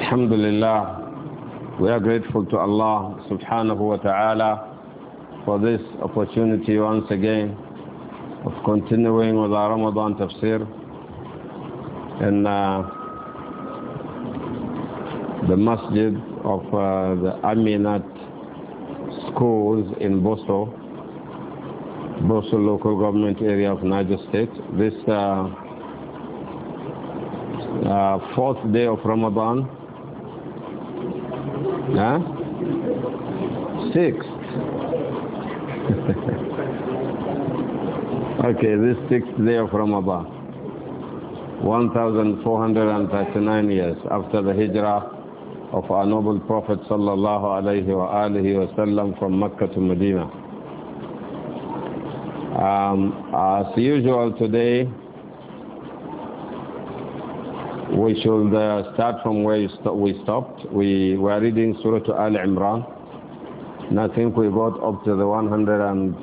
Alhamdulillah, we are grateful to Allah subhanahu wa ta'ala for this opportunity once again of continuing with our Ramadan tafsir. And uh, the masjid of uh, the Aminat schools in Boso, Boso local government area of Niger State. This uh, uh, fourth day of Ramadan, Huh? Sixth. okay, this sixth day of Ramadan. 1439 years after the hijrah of our noble Prophet sallallahu alaihi wasallam from Mecca to Medina. Um, as usual today, we should uh, start from where st we stopped. We were reading Surah Al Imran. And I think we got up to the 100 and.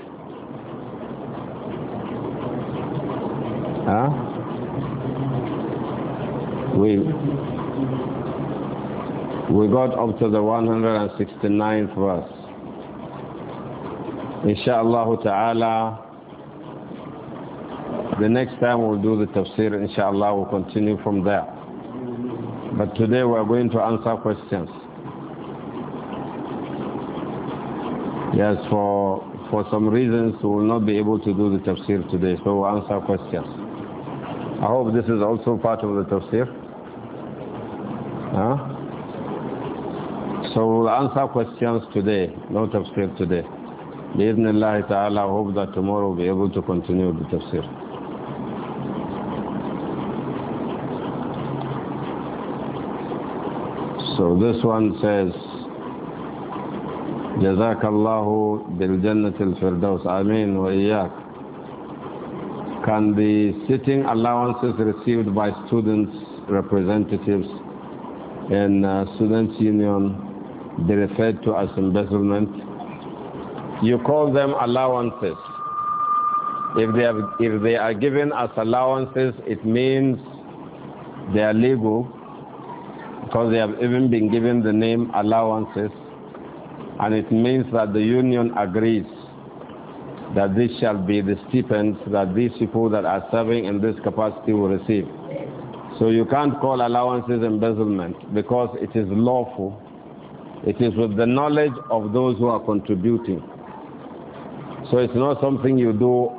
Huh? We, we got up to the 169th verse. Insha'Allah ta'ala. The next time we'll do the tafsir, inshallah, we'll continue from there. But today we are going to answer questions. Yes, for for some reasons we will not be able to do the tafsir today, so we'll answer questions. I hope this is also part of the tafsir. Huh? So we'll answer questions today, no tafsir today. بإذن الله I hope that tomorrow we'll be able to continue the tafsir. So this one says, جزاك الله بالجنة الفردوس آمين وإياك Can the sitting allowances received by students representatives in uh, Students Union be referred to as embezzlement? You call them allowances. If they, have, if they are given as allowances, it means they are legal because they have even been given the name allowances, and it means that the union agrees that this shall be the stipends that these people that are serving in this capacity will receive. So you can't call allowances embezzlement because it is lawful. It is with the knowledge of those who are contributing. So it's not something you do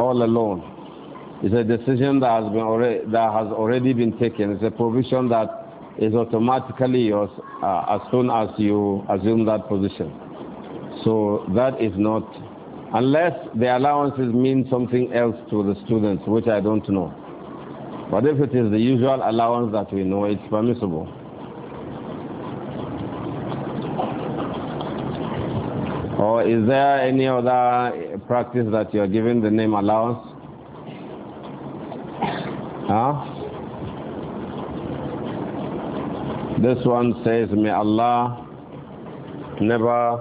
all alone. It's a decision that has, been already, that has already been taken. It's a provision that is automatically yours uh, as soon as you assume that position. So that is not, unless the allowances mean something else to the students, which I don't know. But if it is the usual allowance that we know, it's permissible. Or is there any other practice that you are giving the name allowance? Huh? This one says, May Allah never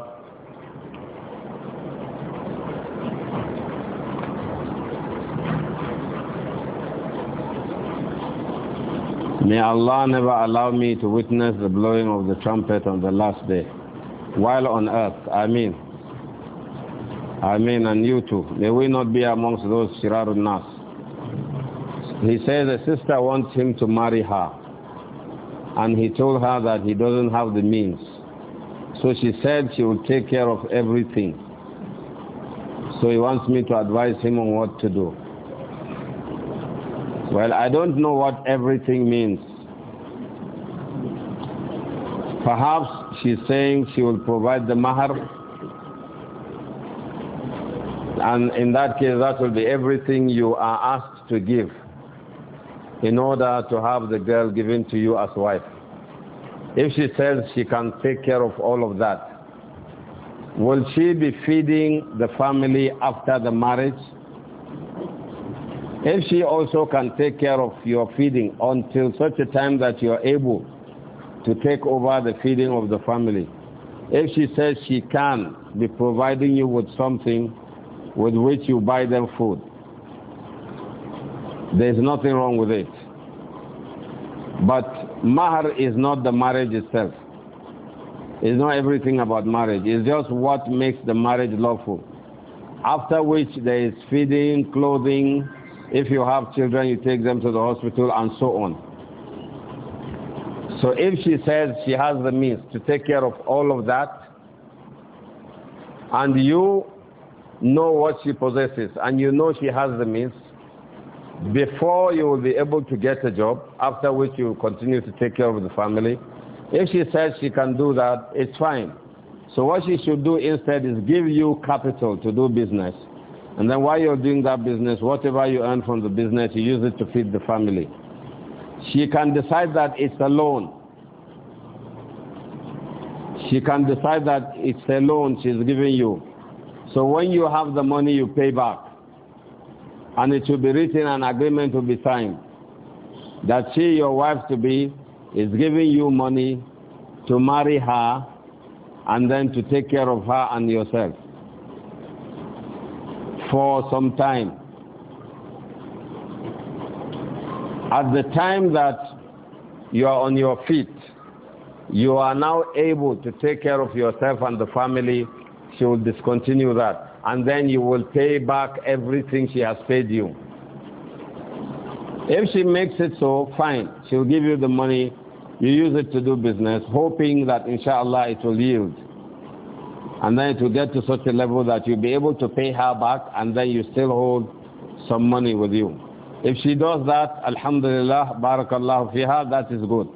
May Allah never allow me to witness the blowing of the trumpet on the last day, while on earth. I mean, I mean, and you too. May we not be amongst those shirarun nas. He says a sister wants him to marry her and he told her that he doesn't have the means. So she said she will take care of everything. So he wants me to advise him on what to do. Well, I don't know what everything means. Perhaps she's saying she will provide the mahar. And in that case, that will be everything you are asked to give in order to have the girl given to you as wife. If she says she can take care of all of that, will she be feeding the family after the marriage? If she also can take care of your feeding until such a time that you are able to take over the feeding of the family, if she says she can be providing you with something with which you buy them food, there is nothing wrong with it. But mahar is not the marriage itself. It's not everything about marriage. It's just what makes the marriage lawful. After which there is feeding, clothing. If you have children, you take them to the hospital and so on. So if she says she has the means to take care of all of that, and you know what she possesses, and you know she has the means, before you will be able to get a job, after which you will continue to take care of the family. If she says she can do that, it's fine. So what she should do instead is give you capital to do business. And then while you're doing that business, whatever you earn from the business, you use it to feed the family. She can decide that it's a loan. She can decide that it's a loan she's giving you. So when you have the money, you pay back and it will be written an agreement will be signed that she, your wife to be, is giving you money to marry her and then to take care of her and yourself for some time. At the time that you are on your feet, you are now able to take care of yourself and the family, she will discontinue that and then you will pay back everything she has paid you. If she makes it so, fine. She'll give you the money. You use it to do business, hoping that inshallah it will yield. And then it will get to such a level that you'll be able to pay her back and then you still hold some money with you. If she does that, alhamdulillah, barakallahu fiha, that is good.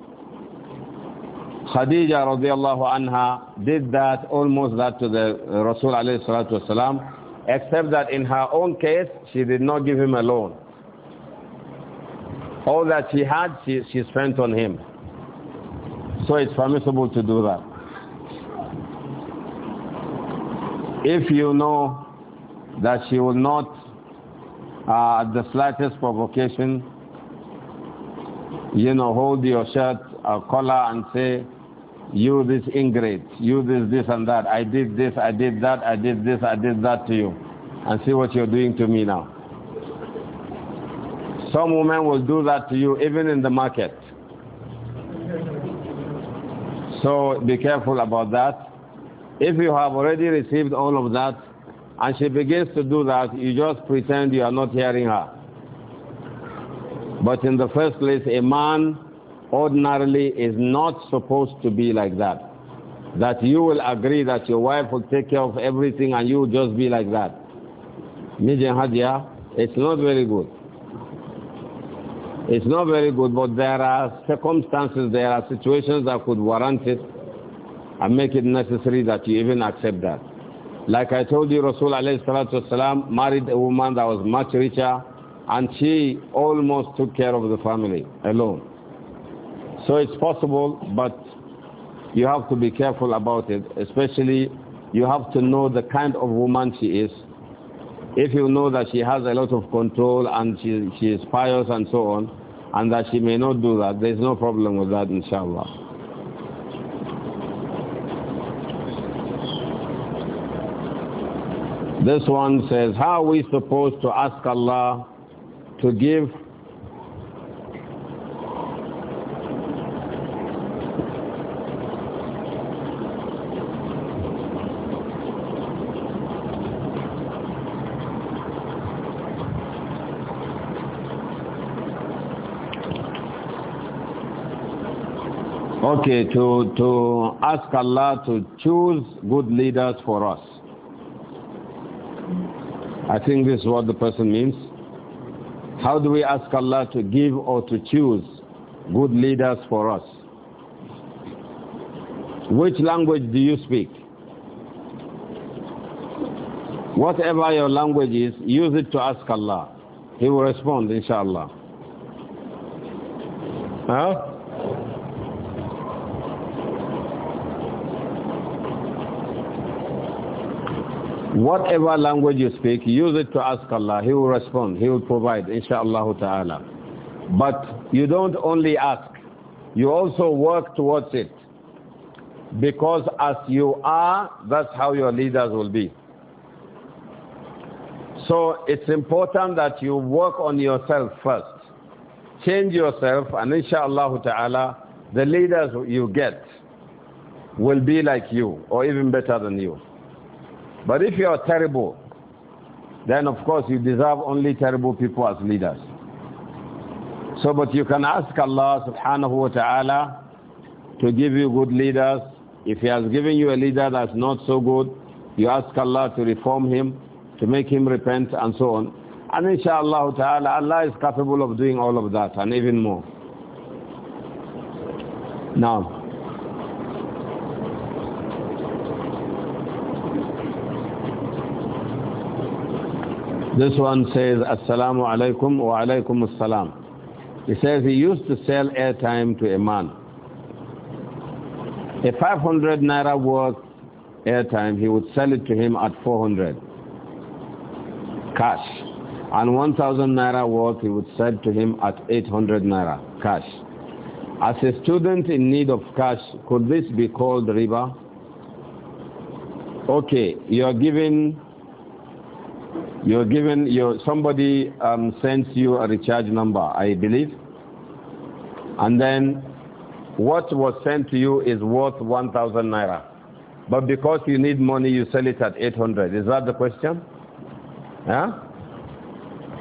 Khadija radiallahu anha did that, almost that to the Rasul alayhi salatu wasalam, except that in her own case, she did not give him a loan. All that she had, she, she spent on him. So it's permissible to do that. If you know that she will not, uh, at the slightest provocation, you know, hold your shirt or uh, collar and say, you this ingrate, you this, this and that, I did this, I did that, I did this, I did that to you. And see what you're doing to me now. Some women will do that to you even in the market. So be careful about that. If you have already received all of that and she begins to do that, you just pretend you are not hearing her. But in the first place, a man ordinarily is not supposed to be like that. That you will agree that your wife will take care of everything and you will just be like that. Mijin Hadia, it's not very good. It's not very good, but there are circumstances, there are situations that could warrant it and make it necessary that you even accept that. Like I told you, Rasul والسلام, married a woman that was much richer and she almost took care of the family alone. So it's possible, but you have to be careful about it. Especially, you have to know the kind of woman she is. If you know that she has a lot of control and she, she is pious and so on, and that she may not do that, there's no problem with that, inshallah. This one says, How are we supposed to ask Allah to give Okay, to, to ask Allah to choose good leaders for us. I think this is what the person means. How do we ask Allah to give or to choose good leaders for us? Which language do you speak? Whatever your language is, use it to ask Allah. He will respond, inshallah. Huh? Whatever language you speak, use it to ask Allah. He will respond. He will provide, inshaAllah ta'ala. But you don't only ask. You also work towards it. Because as you are, that's how your leaders will be. So it's important that you work on yourself first. Change yourself and inshaAllah ta'ala, the leaders you get will be like you or even better than you. But if you are terrible, then of course you deserve only terrible people as leaders. So, but you can ask Allah subhanahu wa ta'ala to give you good leaders. If He has given you a leader that's not so good, you ask Allah to reform him, to make him repent, and so on. And inshallah ta'ala, Allah is capable of doing all of that and even more. Now, This one says, Assalamu alaikum wa alaikum assalam. He says he used to sell airtime to a man. A 500 naira worth airtime, he would sell it to him at 400 cash. And 1000 naira worth, he would sell to him at 800 naira cash. As a student in need of cash, could this be called riba? Okay, you are giving you're given, you somebody um, sends you a recharge number, I believe. And then what was sent to you is worth 1,000 naira. But because you need money, you sell it at 800. Is that the question? Yeah?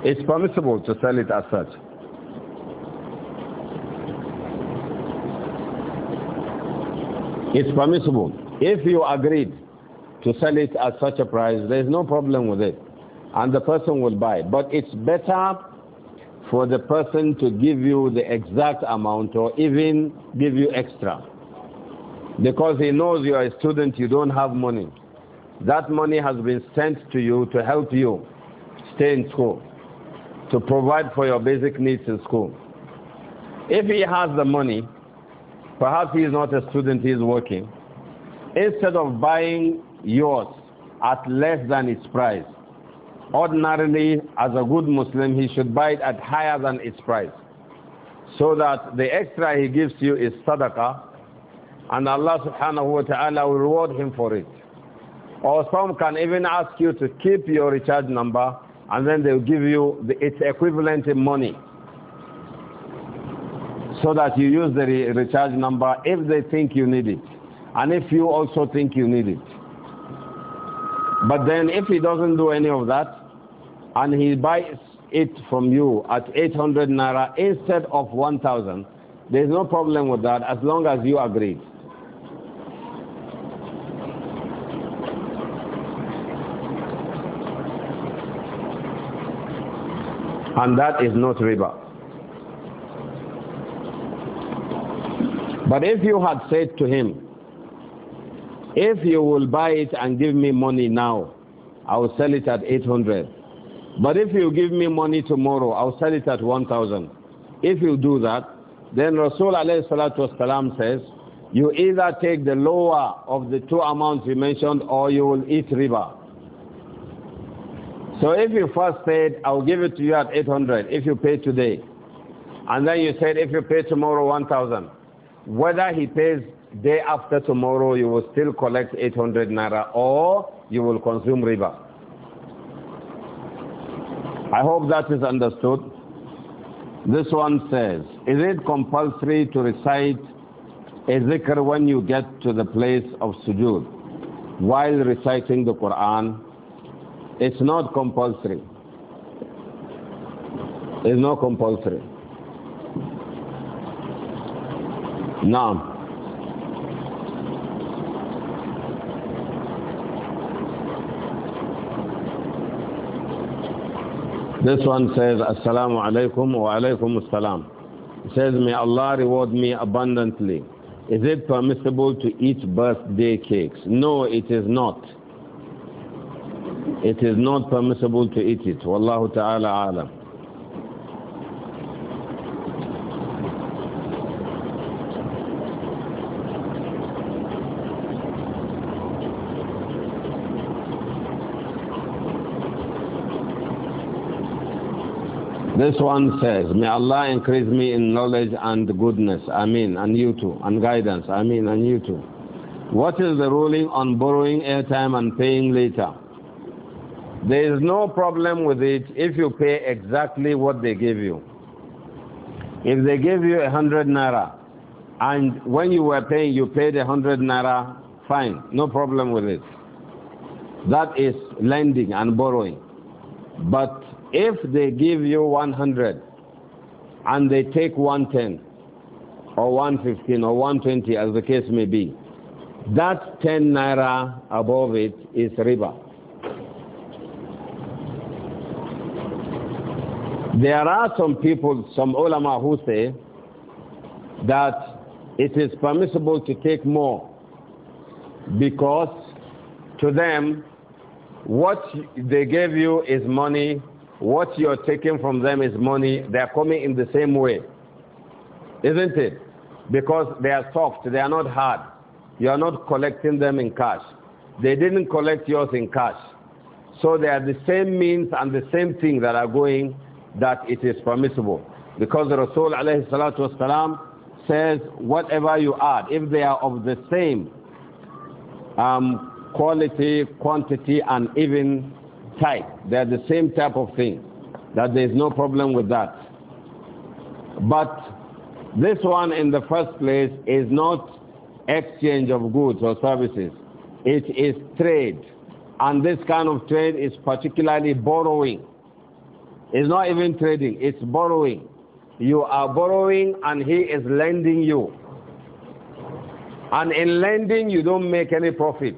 It's permissible to sell it as such. It's permissible. If you agreed to sell it at such a price, there's no problem with it and the person will buy. But it's better for the person to give you the exact amount or even give you extra. Because he knows you are a student, you don't have money. That money has been sent to you to help you stay in school, to provide for your basic needs in school. If he has the money, perhaps he is not a student, he is working. Instead of buying yours at less than its price, ordinarily, as a good Muslim, he should buy it at higher than its price. So that the extra he gives you is sadaqah, and Allah subhanahu wa ta'ala will reward him for it. Or some can even ask you to keep your recharge number, and then they'll give you the, its equivalent in money. So that you use the re recharge number if they think you need it, and if you also think you need it. But then if he doesn't do any of that, and he buys it from you at 800 naira instead of 1000, there's no problem with that as long as you agreed. And that is not riba. But if you had said to him, if you will buy it and give me money now, I will sell it at 800 but if you give me money tomorrow, I'll sell it at 1,000. If you do that, then Rasul alayhi salatu wasalam says, you either take the lower of the two amounts you mentioned or you will eat riba. So if you first said, I'll give it to you at 800 if you pay today, and then you said, if you pay tomorrow 1,000, whether he pays day after tomorrow, you will still collect 800 naira or you will consume riba. I hope that is understood. This one says, is it compulsory to recite a zikr when you get to the place of sujood while reciting the Quran? It's not compulsory. It's not compulsory. Now, This one says, Assalamu alaikum wa alaikum assalam. It says, May Allah reward me abundantly. Is it permissible to eat birthday cakes? No, it is not. It is not permissible to eat it. Wallahu ta'ala alam. This one says, May Allah increase me in knowledge and goodness. I mean, And you too. And guidance. I mean, And you too. What is the ruling on borrowing airtime and paying later? There is no problem with it if you pay exactly what they give you. If they give you a hundred naira, and when you were paying, you paid a hundred naira, fine, no problem with it. That is lending and borrowing. But if they give you 100 and they take 110 or 115 or 120 as the case may be, that 10 naira above it is riba. There are some people, some ulama who say that it is permissible to take more because to them what they gave you is money what you're taking from them is money. They're coming in the same way. Isn't it? Because they are soft, they are not hard. You are not collecting them in cash. They didn't collect yours in cash. So they are the same means and the same thing that are going that it is permissible. Because the Rasul والسلام, says, whatever you add, if they are of the same um, quality, quantity, and even type. They're the same type of thing. That there is no problem with that. But this one in the first place is not exchange of goods or services. It is trade. And this kind of trade is particularly borrowing. It's not even trading, it's borrowing. You are borrowing and he is lending you. And in lending, you don't make any profit.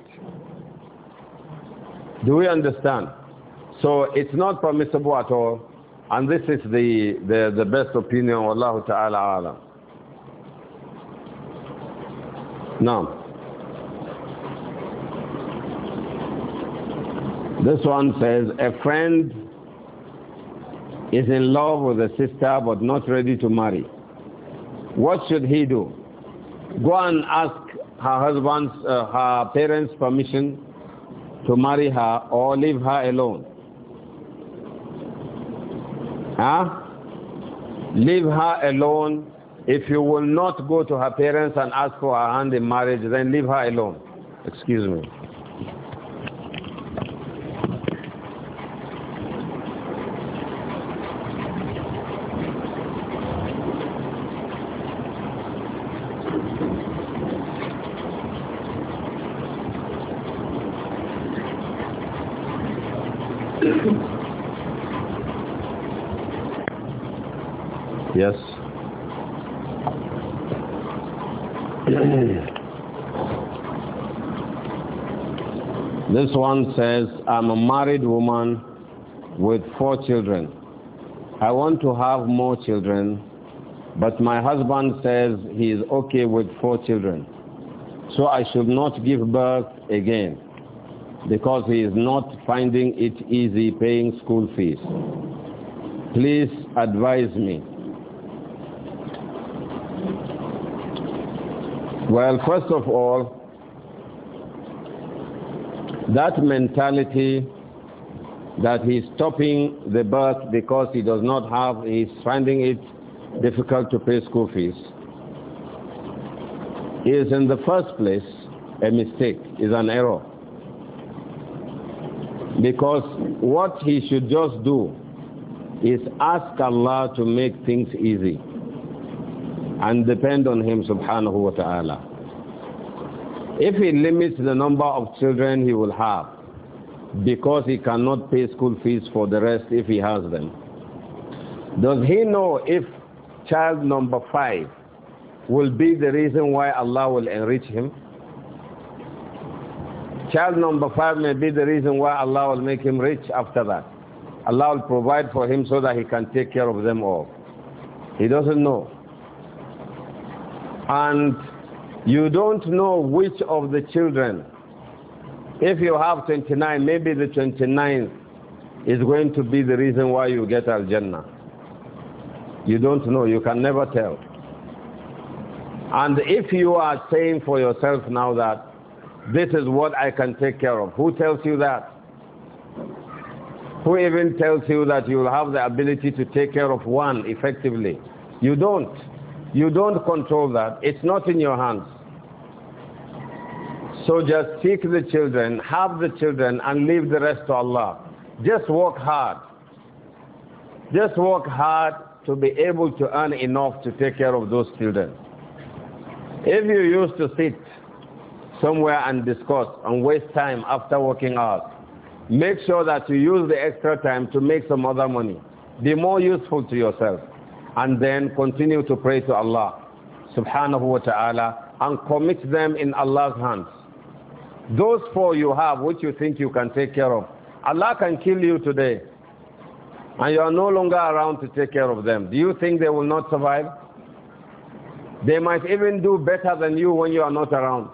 Do we understand? So it's not permissible at all. And this is the, the, the best opinion, Wallahu ta'ala alam. Now, this one says, a friend is in love with a sister but not ready to marry. What should he do? Go and ask her husband's, uh, her parents' permission to marry her or leave her alone. Huh? Leave her alone. If you will not go to her parents and ask for her hand in marriage, then leave her alone. Excuse me. this one says, I'm a married woman with four children. I want to have more children, but my husband says he is okay with four children. So I should not give birth again because he is not finding it easy paying school fees. Please advise me. Well, first of all, that mentality that he's stopping the birth because he does not have, he's finding it difficult to pay school fees, is in the first place a mistake, is an error. Because what he should just do is ask Allah to make things easy and depend on Him subhanahu wa ta'ala. If He limits the number of children He will have, because He cannot pay school fees for the rest if He has them, does He know if child number five will be the reason why Allah will enrich him? Child number five may be the reason why Allah will make him rich after that. Allah will provide for him so that he can take care of them all. He doesn't know and you don't know which of the children, if you have 29, maybe the 29th is going to be the reason why you get Al Jannah. You don't know, you can never tell. And if you are saying for yourself now that this is what I can take care of, who tells you that? Who even tells you that you will have the ability to take care of one effectively? You don't. You don't control that. It's not in your hands. So just take the children, have the children, and leave the rest to Allah. Just work hard. Just work hard to be able to earn enough to take care of those children. If you used to sit somewhere and discuss and waste time after working hours, make sure that you use the extra time to make some other money. Be more useful to yourself and then continue to pray to Allah subhanahu wa ta'ala and commit them in Allah's hands. Those four you have, which you think you can take care of, Allah can kill you today and you are no longer around to take care of them. Do you think they will not survive? They might even do better than you when you are not around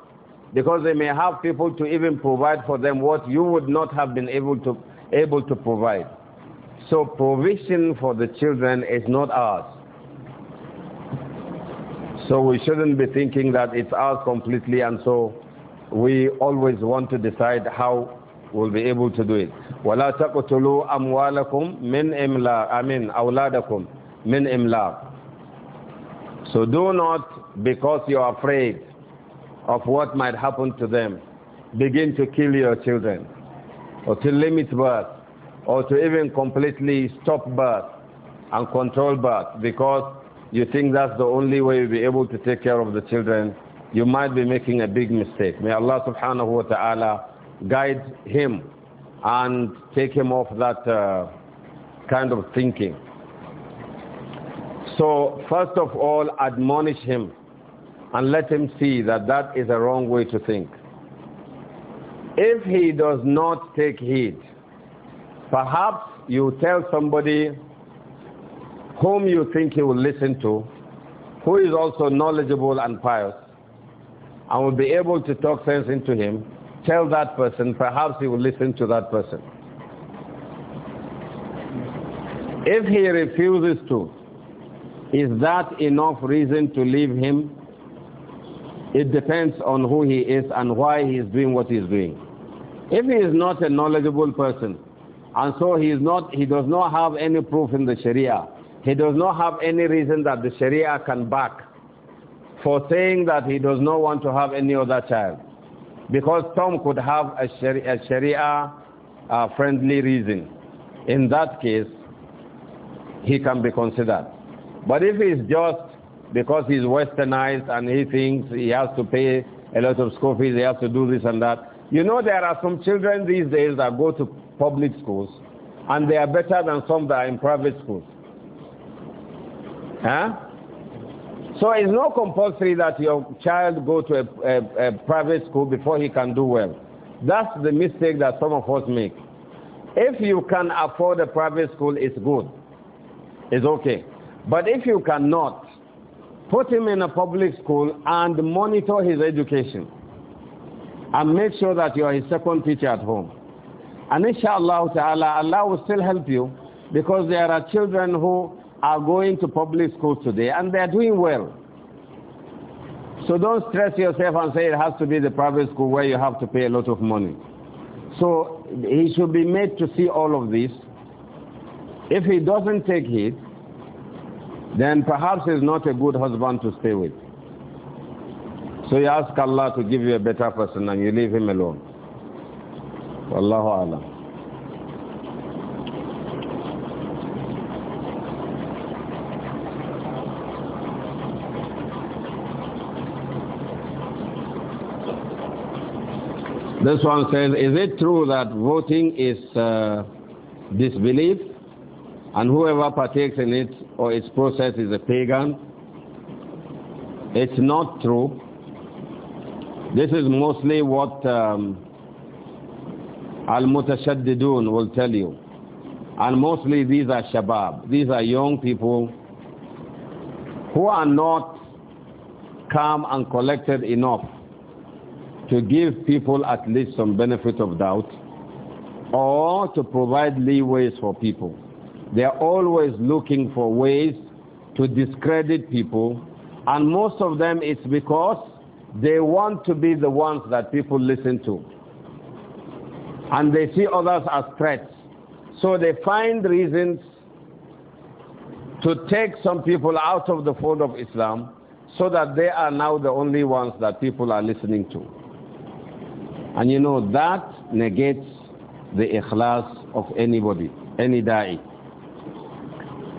because they may have people to even provide for them what you would not have been able to, able to provide. So provision for the children is not ours. So we shouldn't be thinking that it's ours completely and so we always want to decide how we'll be able to do it. وَلَا تَقْتُلُوا أَمْوَالَكُمْ مِنْ إِمْلَاقٍ I mean أَوْلَادَكُمْ مِنْ إِمْلَاقٍ So do not, because you're afraid of what might happen to them, begin to kill your children or to limit birth or to even completely stop birth and control birth because you think that's the only way you'll be able to take care of the children, you might be making a big mistake. May Allah subhanahu wa ta'ala guide him and take him off that uh, kind of thinking. So, first of all, admonish him and let him see that that is a wrong way to think. If he does not take heed, Perhaps you tell somebody whom you think he will listen to, who is also knowledgeable and pious, and will be able to talk sense into him, tell that person, perhaps he will listen to that person. If he refuses to, is that enough reason to leave him? It depends on who he is and why he is doing what he is doing. If he is not a knowledgeable person, and so he is not he does not have any proof in the Sharia. He does not have any reason that the Sharia can back for saying that he does not want to have any other child. Because Tom could have a Sharia, a sharia uh, friendly reason. In that case, he can be considered. But if he's just because he's westernized and he thinks he has to pay a lot of school fees, he has to do this and that. You know, there are some children these days that go to public schools, and they are better than some that are in private schools. Huh? So it's not compulsory that your child go to a, a, a private school before he can do well. That's the mistake that some of us make. If you can afford a private school, it's good. It's okay. But if you cannot, put him in a public school and monitor his education. And make sure that you are his second teacher at home. And inshallah ta'ala, Allah will still help you because there are children who are going to public school today and they are doing well. So don't stress yourself and say it has to be the private school where you have to pay a lot of money. So he should be made to see all of this. If he doesn't take it, then perhaps he's not a good husband to stay with. So you ask Allah to give you a better person and you leave him alone. Wallahu alam. This one says, is it true that voting is uh, disbelief and whoever partakes in it or its process is a pagan? It's not true. This is mostly what um, Al-Mutashaddidun will tell you. And mostly these are Shabab. These are young people who are not calm and collected enough to give people at least some benefit of doubt or to provide leeways for people. They are always looking for ways to discredit people, and most of them it's because they want to be the ones that people listen to and they see others as threats. So they find reasons to take some people out of the fold of Islam so that they are now the only ones that people are listening to. And you know, that negates the ikhlas of anybody, any da'i.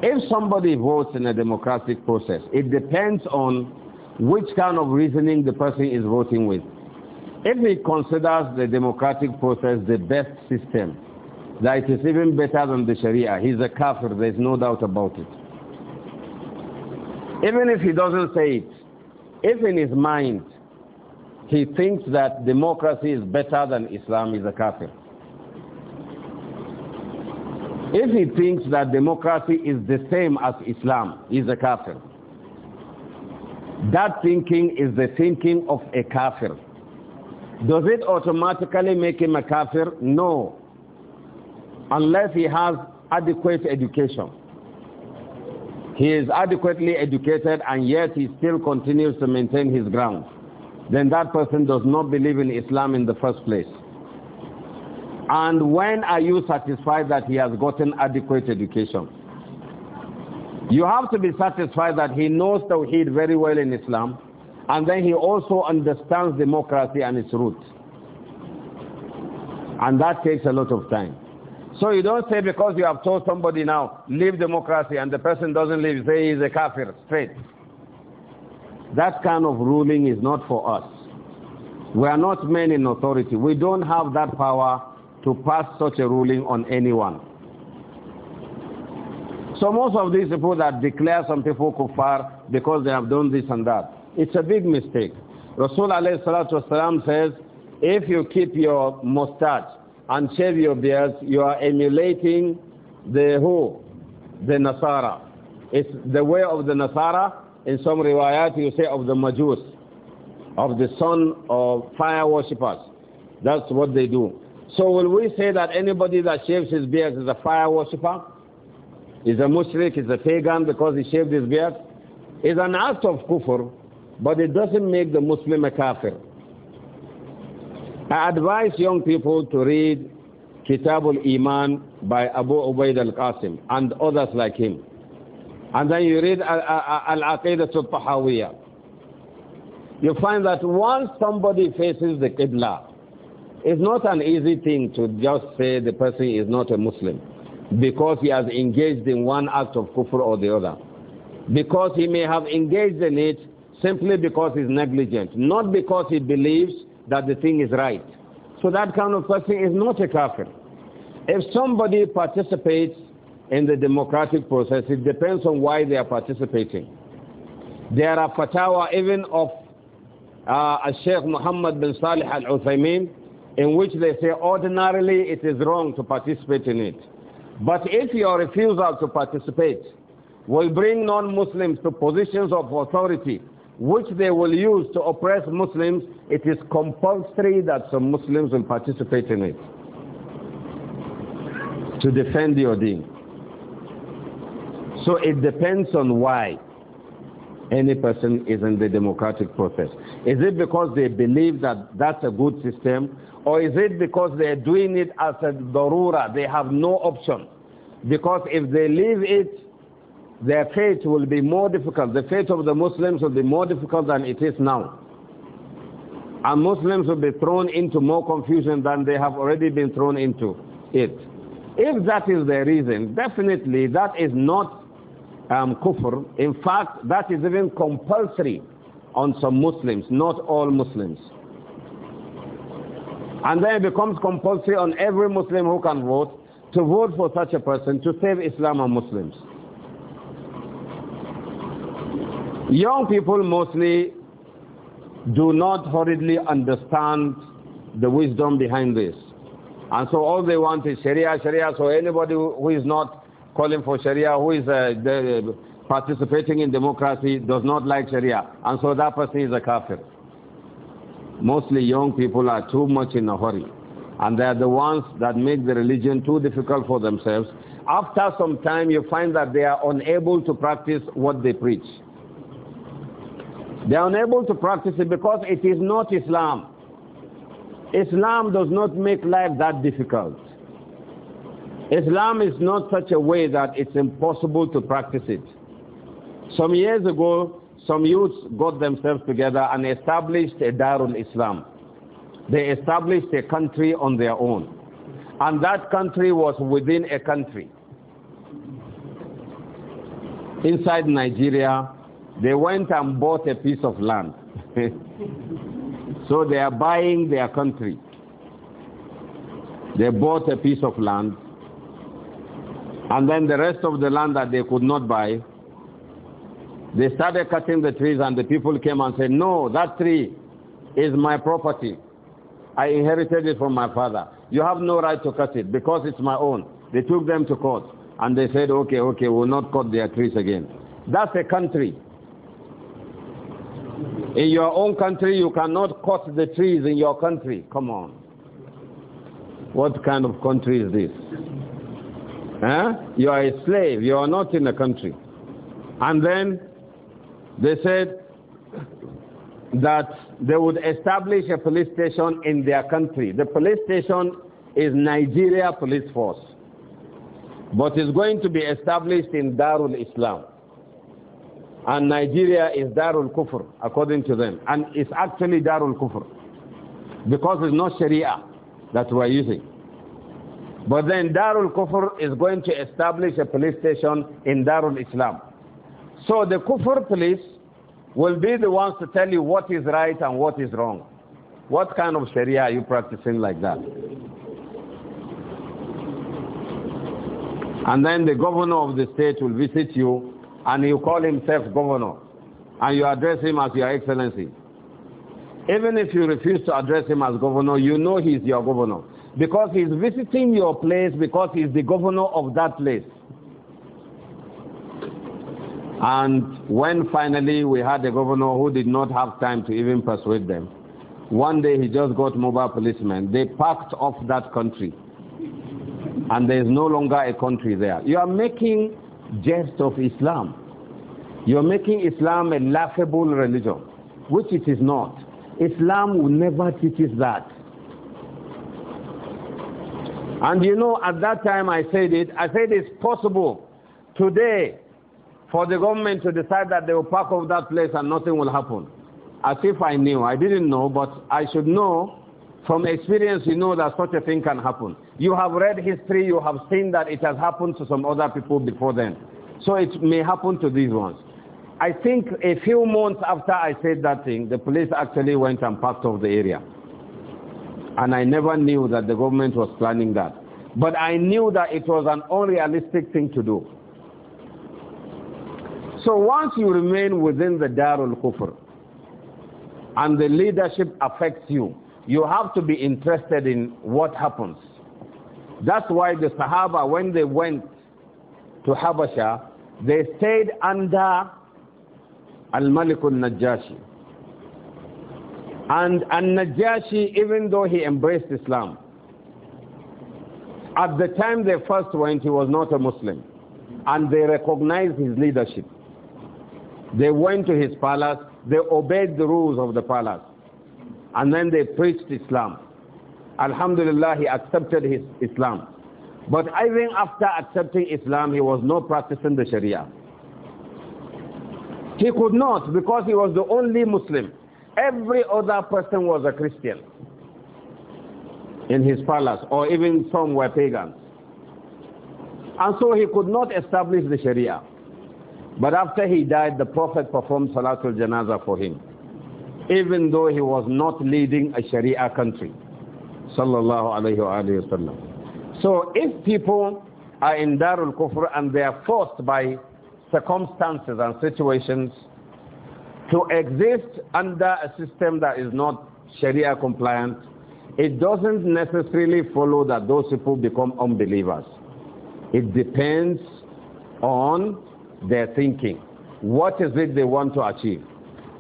If somebody votes in a democratic process, it depends on which kind of reasoning the person is voting with. If he considers the democratic process the best system, that it is even better than the Sharia, he's a kafir, there is no doubt about it. Even if he doesn't say it, if in his mind he thinks that democracy is better than Islam, he's a kafir. If he thinks that democracy is the same as Islam, he's a kafir. That thinking is the thinking of a kafir. Does it automatically make him a kafir? No. Unless he has adequate education. He is adequately educated and yet he still continues to maintain his ground. Then that person does not believe in Islam in the first place. And when are you satisfied that he has gotten adequate education? You have to be satisfied that he knows Tawheed very well in Islam and then he also understands democracy and its roots. And that takes a lot of time. So you don't say because you have told somebody now, leave democracy, and the person doesn't leave, say he's a kafir, straight. That kind of ruling is not for us. We are not men in authority. We don't have that power to pass such a ruling on anyone. So most of these people that declare some people kufar because they have done this and that, it's a big mistake. Rasul says, if you keep your mustache and shave your beards, you are emulating the who? The Nasara. It's the way of the Nasara. In some riwayat, you say of the Majus, of the son of fire worshippers. That's what they do. So will we say that anybody that shaves his beard is a fire worshipper? Is a mushrik, is a pagan because he shaved his beard? It's an act of kufr but it doesn't make the Muslim a kafir. I advise young people to read Kitabul iman by Abu Ubaid al-Qasim and others like him. And then you read Al-Aqidah al-Tahawiyah. You find that once somebody faces the Qibla, it's not an easy thing to just say the person is not a Muslim because he has engaged in one act of kufr or the other. Because he may have engaged in it simply because he's negligent, not because he believes that the thing is right. So that kind of person is not a kafir. If somebody participates in the democratic process, it depends on why they are participating. There are fatwa even of uh, Sheikh Muhammad bin Salih al Uthaymeen, in which they say ordinarily it is wrong to participate in it. But if your refusal to participate will bring non Muslims to positions of authority which they will use to oppress Muslims, it is compulsory that some Muslims will participate in it to defend your deen. So it depends on why any person is in the democratic process. Is it because they believe that that's a good system, or is it because they're doing it as a darura, they have no option? Because if they leave it, their fate will be more difficult. The fate of the Muslims will be more difficult than it is now. And Muslims will be thrown into more confusion than they have already been thrown into it. If that is the reason, definitely that is not um, kufr. In fact, that is even compulsory on some Muslims, not all Muslims. And then it becomes compulsory on every Muslim who can vote to vote for such a person to save Islam and Muslims. Young people mostly do not hurriedly understand the wisdom behind this. And so all they want is Sharia, Sharia. So anybody who is not calling for Sharia, who is uh, the, participating in democracy, does not like Sharia. And so that person is a kafir. Mostly young people are too much in a hurry. And they are the ones that make the religion too difficult for themselves. After some time, you find that they are unable to practice what they preach. They are unable to practice it because it is not Islam. Islam does not make life that difficult. Islam is not such a way that it's impossible to practice it. Some years ago, some youths got themselves together and established a Darul Islam. They established a country on their own. And that country was within a country. Inside Nigeria, they went and bought a piece of land. so they are buying their country. They bought a piece of land. And then the rest of the land that they could not buy, they started cutting the trees, and the people came and said, No, that tree is my property. I inherited it from my father. You have no right to cut it because it's my own. They took them to court and they said, Okay, okay, we'll not cut their trees again. That's a country. In your own country, you cannot cut the trees in your country. Come on. What kind of country is this? Huh? You are a slave. You are not in a country. And then they said that they would establish a police station in their country. The police station is Nigeria Police Force, but it's going to be established in Darul Islam. And Nigeria is Darul Kufr, according to them. And it's actually Darul Kufr. Because it's not Sharia that we're using. But then Darul Kufr is going to establish a police station in Darul Islam. So the Kufr police will be the ones to tell you what is right and what is wrong. What kind of Sharia are you practicing like that? And then the governor of the state will visit you and you call himself governor, and you address him as your excellency, even if you refuse to address him as governor, you know he's your governor. Because he's visiting your place because he's the governor of that place. And when finally we had a governor who did not have time to even persuade them, one day he just got mobile policemen. They packed off that country. And there is no longer a country there. You are making jest of Islam. You're making Islam a laughable religion, which it is not. Islam will never teach that. And you know, at that time I said it, I said it's possible today for the government to decide that they will pack off that place and nothing will happen. As if I knew. I didn't know, but I should know from experience, you know that such a thing can happen. You have read history, you have seen that it has happened to some other people before them. So it may happen to these ones. I think a few months after I said that thing, the police actually went and packed off the area. And I never knew that the government was planning that. But I knew that it was an unrealistic thing to do. So once you remain within the Darul Kufr and the leadership affects you, you have to be interested in what happens. That's why the Sahaba, when they went to Habasha, they stayed under Al-Malik al-Najashi. And al-Najashi, even though he embraced Islam, at the time they first went, he was not a Muslim. And they recognized his leadership. They went to his palace, they obeyed the rules of the palace and then they preached Islam. Alhamdulillah, he accepted his Islam. But even after accepting Islam, he was not practicing the Sharia. He could not because he was the only Muslim. Every other person was a Christian in his palace, or even some were pagans. And so he could not establish the Sharia. But after he died, the Prophet performed Salatul Janazah for him even though he was not leading a Sharia country. Sallallahu alayhi wa sallam. So if people are in Darul Kufr and they are forced by circumstances and situations to exist under a system that is not Sharia compliant, it doesn't necessarily follow that those people become unbelievers. It depends on their thinking. What is it they want to achieve?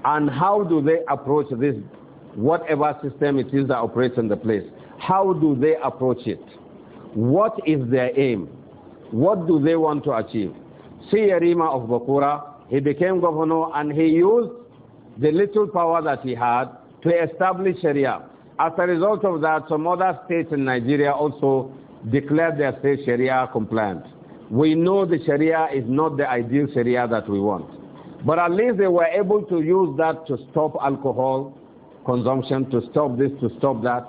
and how do they approach this, whatever system it is that operates in the place? How do they approach it? What is their aim? What do they want to achieve? See Yarima of Bakura, he became governor and he used the little power that he had to establish Sharia. As a result of that, some other states in Nigeria also declared their state Sharia compliant. We know the Sharia is not the ideal Sharia that we want. But at least they were able to use that to stop alcohol consumption, to stop this, to stop that.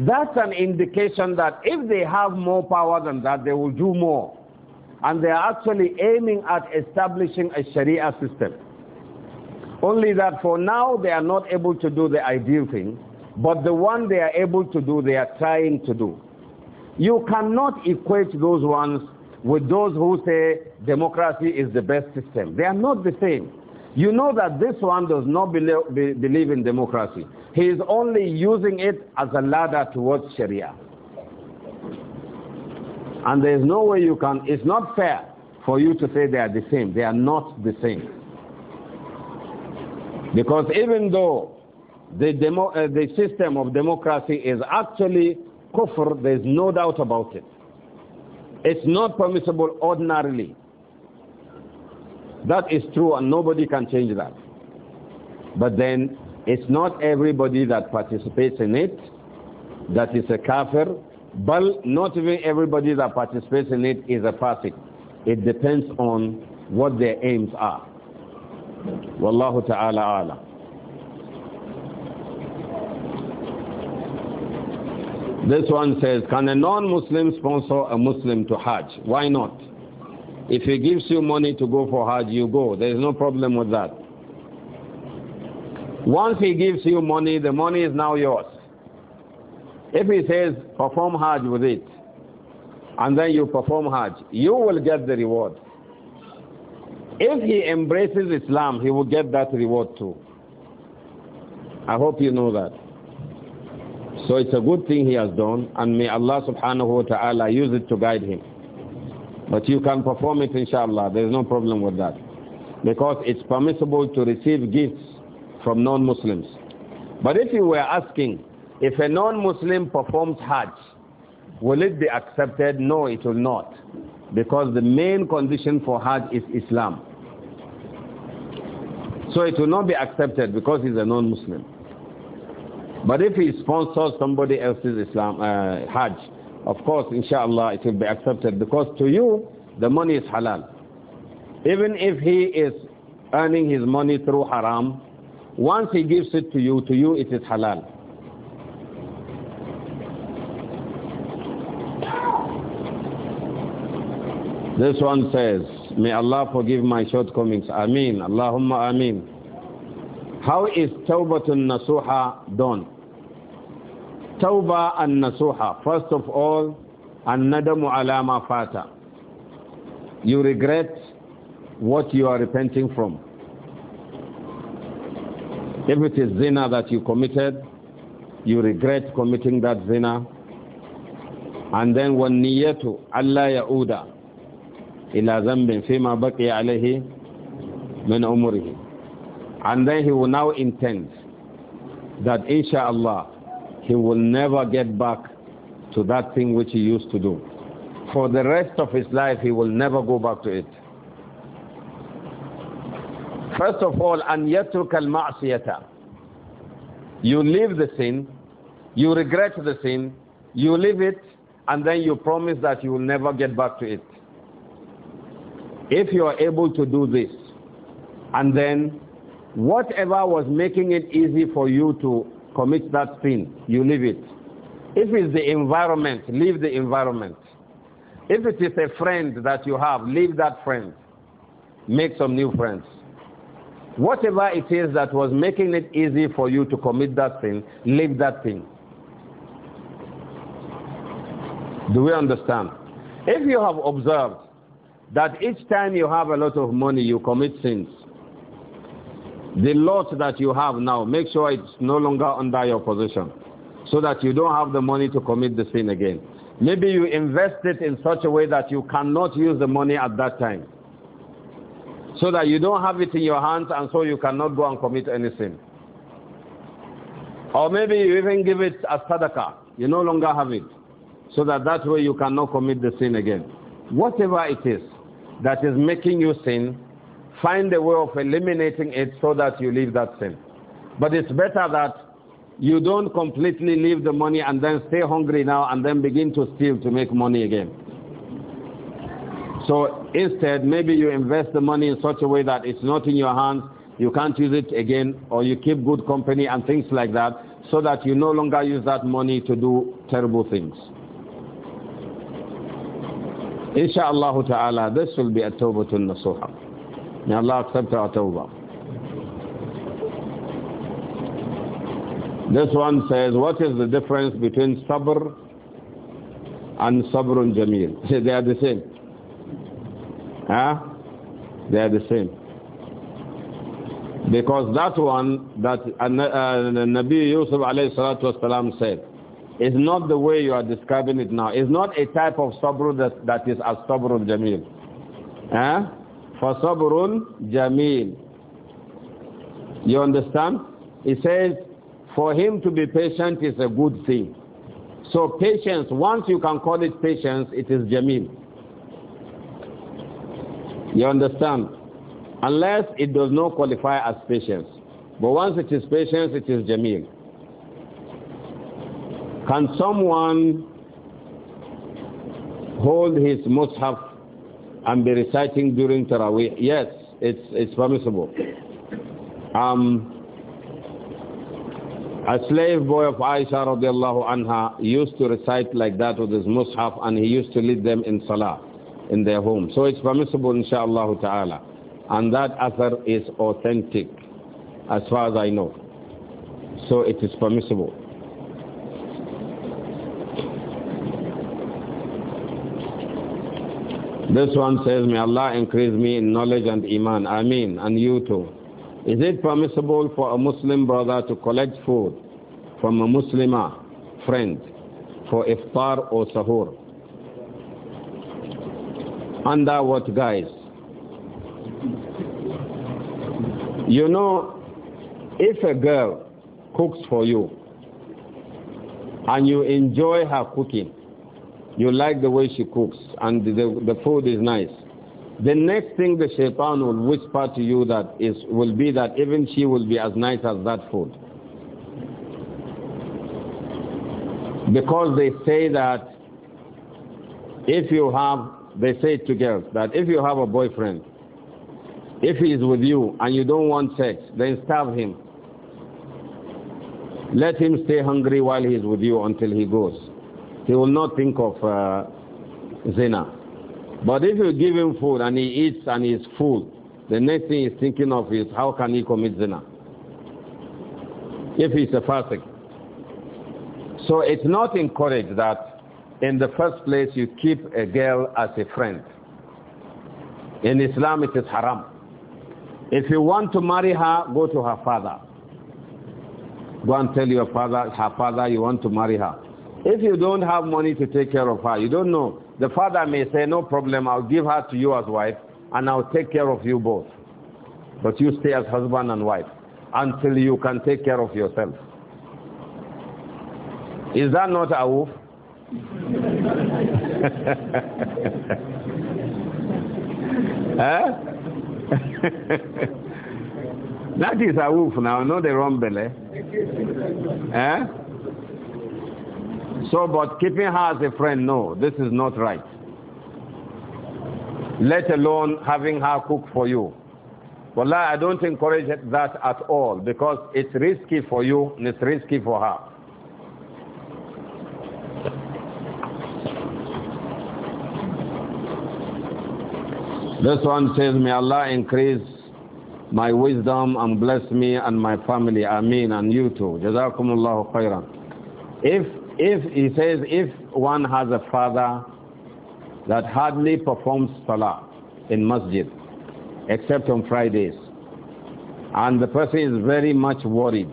That's an indication that if they have more power than that, they will do more. And they are actually aiming at establishing a Sharia system. Only that for now they are not able to do the ideal thing, but the one they are able to do, they are trying to do. You cannot equate those ones with those who say democracy is the best system. They are not the same. You know that this one does not believe in democracy. He is only using it as a ladder towards Sharia. And there is no way you can, it's not fair for you to say they are the same. They are not the same. Because even though the, demo, uh, the system of democracy is actually kufr, there is no doubt about it. It's not permissible ordinarily. That is true and nobody can change that. But then it's not everybody that participates in it that is a kafir, but not even everybody that participates in it is a fasik. It depends on what their aims are. Wallahu ta'ala a'lam. This one says, Can a non Muslim sponsor a Muslim to Hajj? Why not? If he gives you money to go for Hajj, you go. There is no problem with that. Once he gives you money, the money is now yours. If he says, perform Hajj with it, and then you perform Hajj, you will get the reward. If he embraces Islam, he will get that reward too. I hope you know that. So it's a good thing he has done, and may Allah subhanahu wa ta'ala use it to guide him. But you can perform it, inshallah. There's no problem with that. Because it's permissible to receive gifts from non Muslims. But if you were asking, if a non Muslim performs Hajj, will it be accepted? No, it will not. Because the main condition for Hajj is Islam. So it will not be accepted because he's a non Muslim. But if he sponsors somebody else's Islam uh, Hajj, of course, inshallah, it will be accepted because to you, the money is halal. Even if he is earning his money through haram, once he gives it to you, to you it is halal. This one says, May Allah forgive my shortcomings. Ameen. Allahumma ameen. How is Tawbatun Nasuha done? Tawbah and Nasuha. First of all, An-nadamu alama fata. You regret what you are repenting from. If it is zina that you committed, you regret committing that zina. And then when niyatu alla ya'uda ila zambin ma baqi alayhi min umrihi. And then he will now intend that inshallah he will never get back to that thing which he used to do. For the rest of his life, he will never go back to it. First of all, أن يترك المعصية. You leave the sin, you regret the sin, you leave it, and then you promise that you will never get back to it. If you are able to do this, and then whatever was making it easy for you to commit that sin, you leave it. If it's the environment, leave the environment. If it is a friend that you have, leave that friend. Make some new friends. Whatever it is that was making it easy for you to commit that sin, leave that thing. Do we understand? If you have observed that each time you have a lot of money, you commit sins, the lot that you have now, make sure it's no longer under your possession so that you don't have the money to commit the sin again. Maybe you invest it in such a way that you cannot use the money at that time. So that you don't have it in your hands and so you cannot go and commit any sin. Or maybe you even give it as sadaqah. You no longer have it. So that that way you cannot commit the sin again. Whatever it is that is making you sin, find a way of eliminating it so that you leave that sin. But it's better that you don't completely leave the money and then stay hungry now and then begin to steal to make money again. So instead, maybe you invest the money in such a way that it's not in your hands, you can't use it again, or you keep good company and things like that, so that you no longer use that money to do terrible things. Insha'Allah ta'ala, this will be a tawbatun nasuha. May Allah accept our tawbah. This one says, what is the difference between sabr and sabrun jameel? they are the same. Huh? They are the same because that one that uh, uh Nabi Yusuf alayhi salatu wasalam said is not the way you are describing it now. It's not a type of sabr that, that is as sabr al jamil. Eh? فَصَبْرٌ jamil. You understand? He says, for him to be patient is a good thing. So patience, once you can call it patience, it is jamil. You understand? Unless it does not qualify as patience. But once it is patience, it is jamil. Can someone hold his mushaf and be reciting during Taraweeh, yes, it's, it's permissible. Um, a slave boy of Aisha radiallahu anha used to recite like that with his mushaf and he used to lead them in salah in their home. So it's permissible inshaAllah ta'ala. And that athar is authentic as far as I know. So it is permissible. This one says, May Allah increase me in knowledge and Iman. Ameen. And you too. Is it permissible for a Muslim brother to collect food from a Muslimah friend for iftar or sahur? Under what guise? You know, if a girl cooks for you and you enjoy her cooking, you like the way she cooks and the, the food is nice. The next thing the shaitan will whisper to you that is will be that even she will be as nice as that food. Because they say that if you have, they say to girls that if you have a boyfriend, if he is with you and you don't want sex, then starve him. Let him stay hungry while he is with you until he goes he will not think of uh, zina. But if you give him food and he eats and he's full, the next thing he's thinking of is how can he commit zina? If he's a fasting. So it's not encouraged that in the first place you keep a girl as a friend. In Islam it is haram. If you want to marry her, go to her father. Go and tell your father, her father, you want to marry her. If you don't have money to take care of her, you don't know. The father may say, No problem, I'll give her to you as wife, and I'll take care of you both. But you stay as husband and wife until you can take care of yourself. Is that not a wolf? Huh? Eh? that is a wolf now, not the rumble. Eh? So, but keeping her as a friend, no, this is not right. Let alone having her cook for you. Wallah, I don't encourage that at all because it's risky for you and it's risky for her. This one says, May Allah increase my wisdom and bless me and my family. Ameen. And you too. Jazakumullahu khairan. If if he says, if one has a father that hardly performs salah in masjid, except on Fridays, and the person is very much worried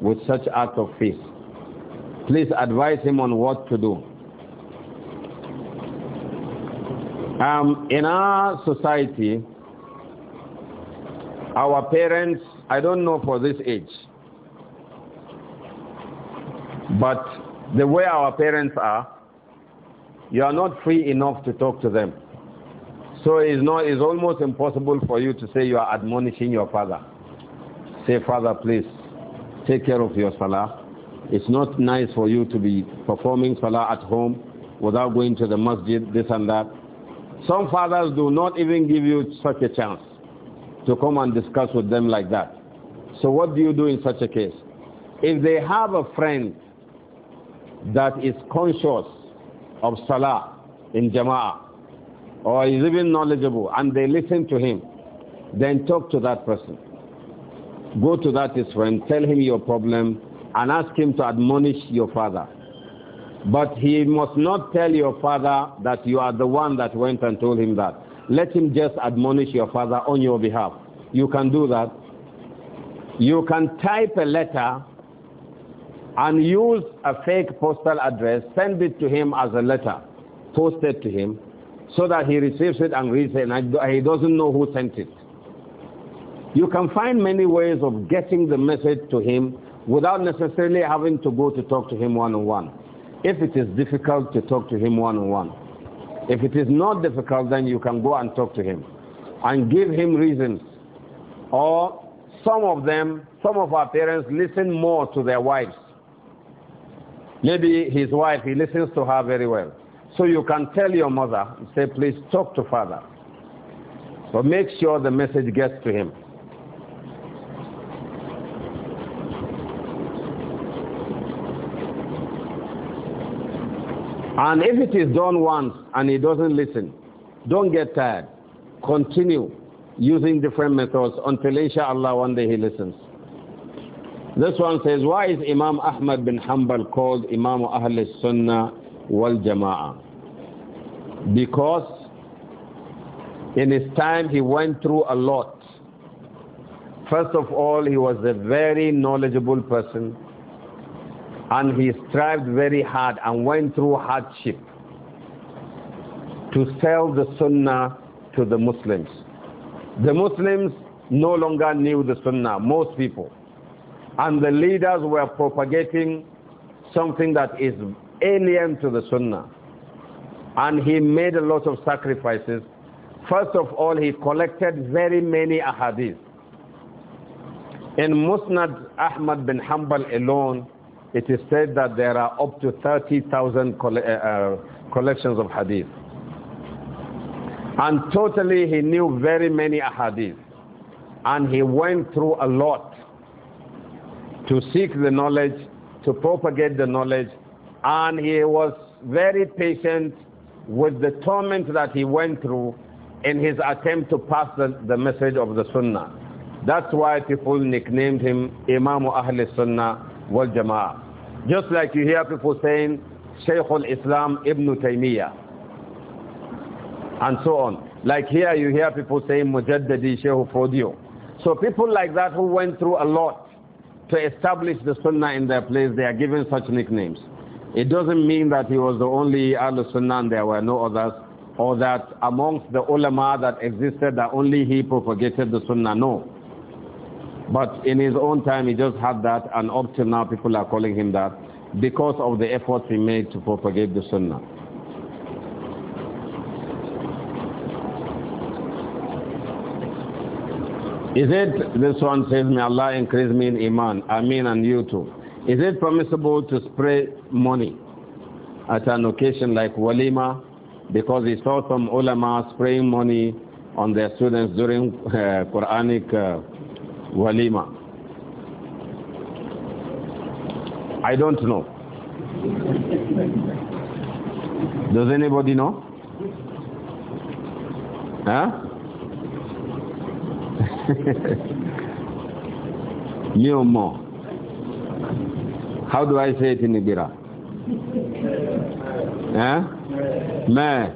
with such act of faith, please advise him on what to do. Um, in our society, our parents, I don't know for this age, but the way our parents are, you are not free enough to talk to them. So it's, not, it's almost impossible for you to say you are admonishing your father. Say, Father, please, take care of your salah. It's not nice for you to be performing salah at home without going to the masjid, this and that. Some fathers do not even give you such a chance to come and discuss with them like that. So what do you do in such a case? If they have a friend that is conscious of salah in jama'ah or is even knowledgeable and they listen to him, then talk to that person. Go to that his friend, tell him your problem and ask him to admonish your father. But he must not tell your father that you are the one that went and told him that. Let him just admonish your father on your behalf. You can do that. You can type a letter and use a fake postal address, send it to him as a letter, post it to him, so that he receives it and reads it, and he doesn't know who sent it. You can find many ways of getting the message to him without necessarily having to go to talk to him one on one. If it is difficult to talk to him one on one, if it is not difficult, then you can go and talk to him and give him reasons. Or some of them, some of our parents listen more to their wives Maybe his wife, he listens to her very well. So you can tell your mother, say, please talk to father. But make sure the message gets to him. And if it is done once and he doesn't listen, don't get tired. Continue using different methods until inshallah one day he listens. This one says, why is Imam Ahmad bin Hanbal called Imam Ahl Sunnah wal Jama'ah? Because in his time he went through a lot. First of all, he was a very knowledgeable person and he strived very hard and went through hardship to sell the Sunnah to the Muslims. The Muslims no longer knew the Sunnah, most people and the leaders were propagating something that is alien to the Sunnah. And he made a lot of sacrifices. First of all, he collected very many ahadith. In Musnad Ahmad bin Hanbal alone, it is said that there are up to 30,000 coll- uh, uh, collections of hadith. And totally, he knew very many ahadith. And he went through a lot to seek the knowledge, to propagate the knowledge, and he was very patient with the torment that he went through in his attempt to pass the, the message of the Sunnah. That's why people nicknamed him Imam Ahl Sunnah wal Jama'ah. Just like you hear people saying Shaykh al Islam Ibn Taymiyyah and so on. Like here you hear people saying Mujaddadi Shaykh Fodio. So people like that who went through a lot to establish the Sunnah in their place, they are given such nicknames. It doesn't mean that he was the only al Sunnah and there were no others, or that amongst the ulama that existed that only he propagated the Sunnah. No. But in his own time, he just had that, and up till now, people are calling him that because of the efforts he made to propagate the Sunnah. Is it, this one says, may Allah increase me in Iman, Ameen and you too. Is it permissible to spray money at an occasion like Walima? Because he saw some ulama spraying money on their students during uh, Quranic uh, Walima. I don't know. Does anybody know? Huh? mi how do I say it in Ibira? Eh? Mẹ́.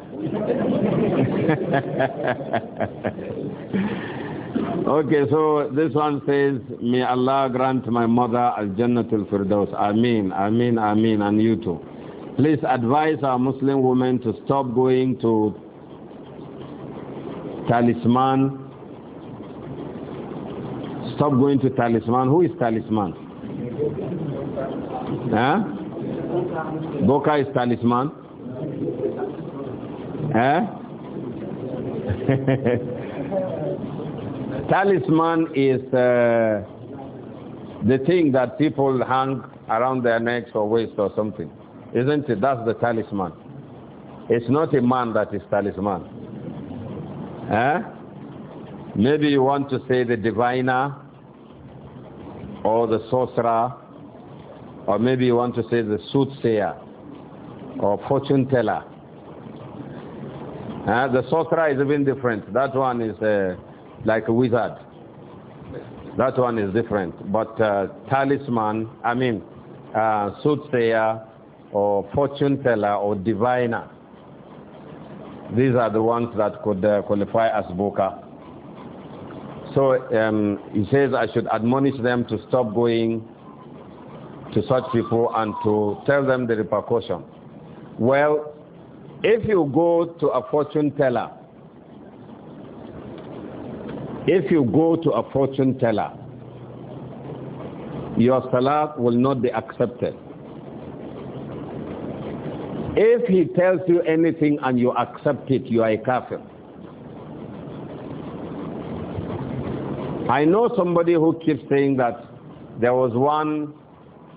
okay, so this one says, May Allah grant my mother Al Jannatul Firdaus. Ameen, Ameen, Ameen, and you too. Please advise our Muslim women to stop going to talisman stop going to talisman. Who is talisman? Huh? Boca is talisman. Huh? talisman is uh, the thing that people hang around their necks or waist or something. Isn't it? That's the talisman. It's not a man that is talisman. Eh? Maybe you want to say the diviner or the sorcerer, or maybe you want to say the soothsayer or fortune teller. Uh, the sorcerer is even different. That one is uh, like a wizard. That one is different. But uh, talisman, I mean, uh, soothsayer or fortune teller or diviner, these are the ones that could uh, qualify as voka. So um, he says, I should admonish them to stop going to such people and to tell them the repercussion. Well, if you go to a fortune teller, if you go to a fortune teller, your salat will not be accepted. If he tells you anything and you accept it, you are a kafir. I know somebody who keeps saying that there was one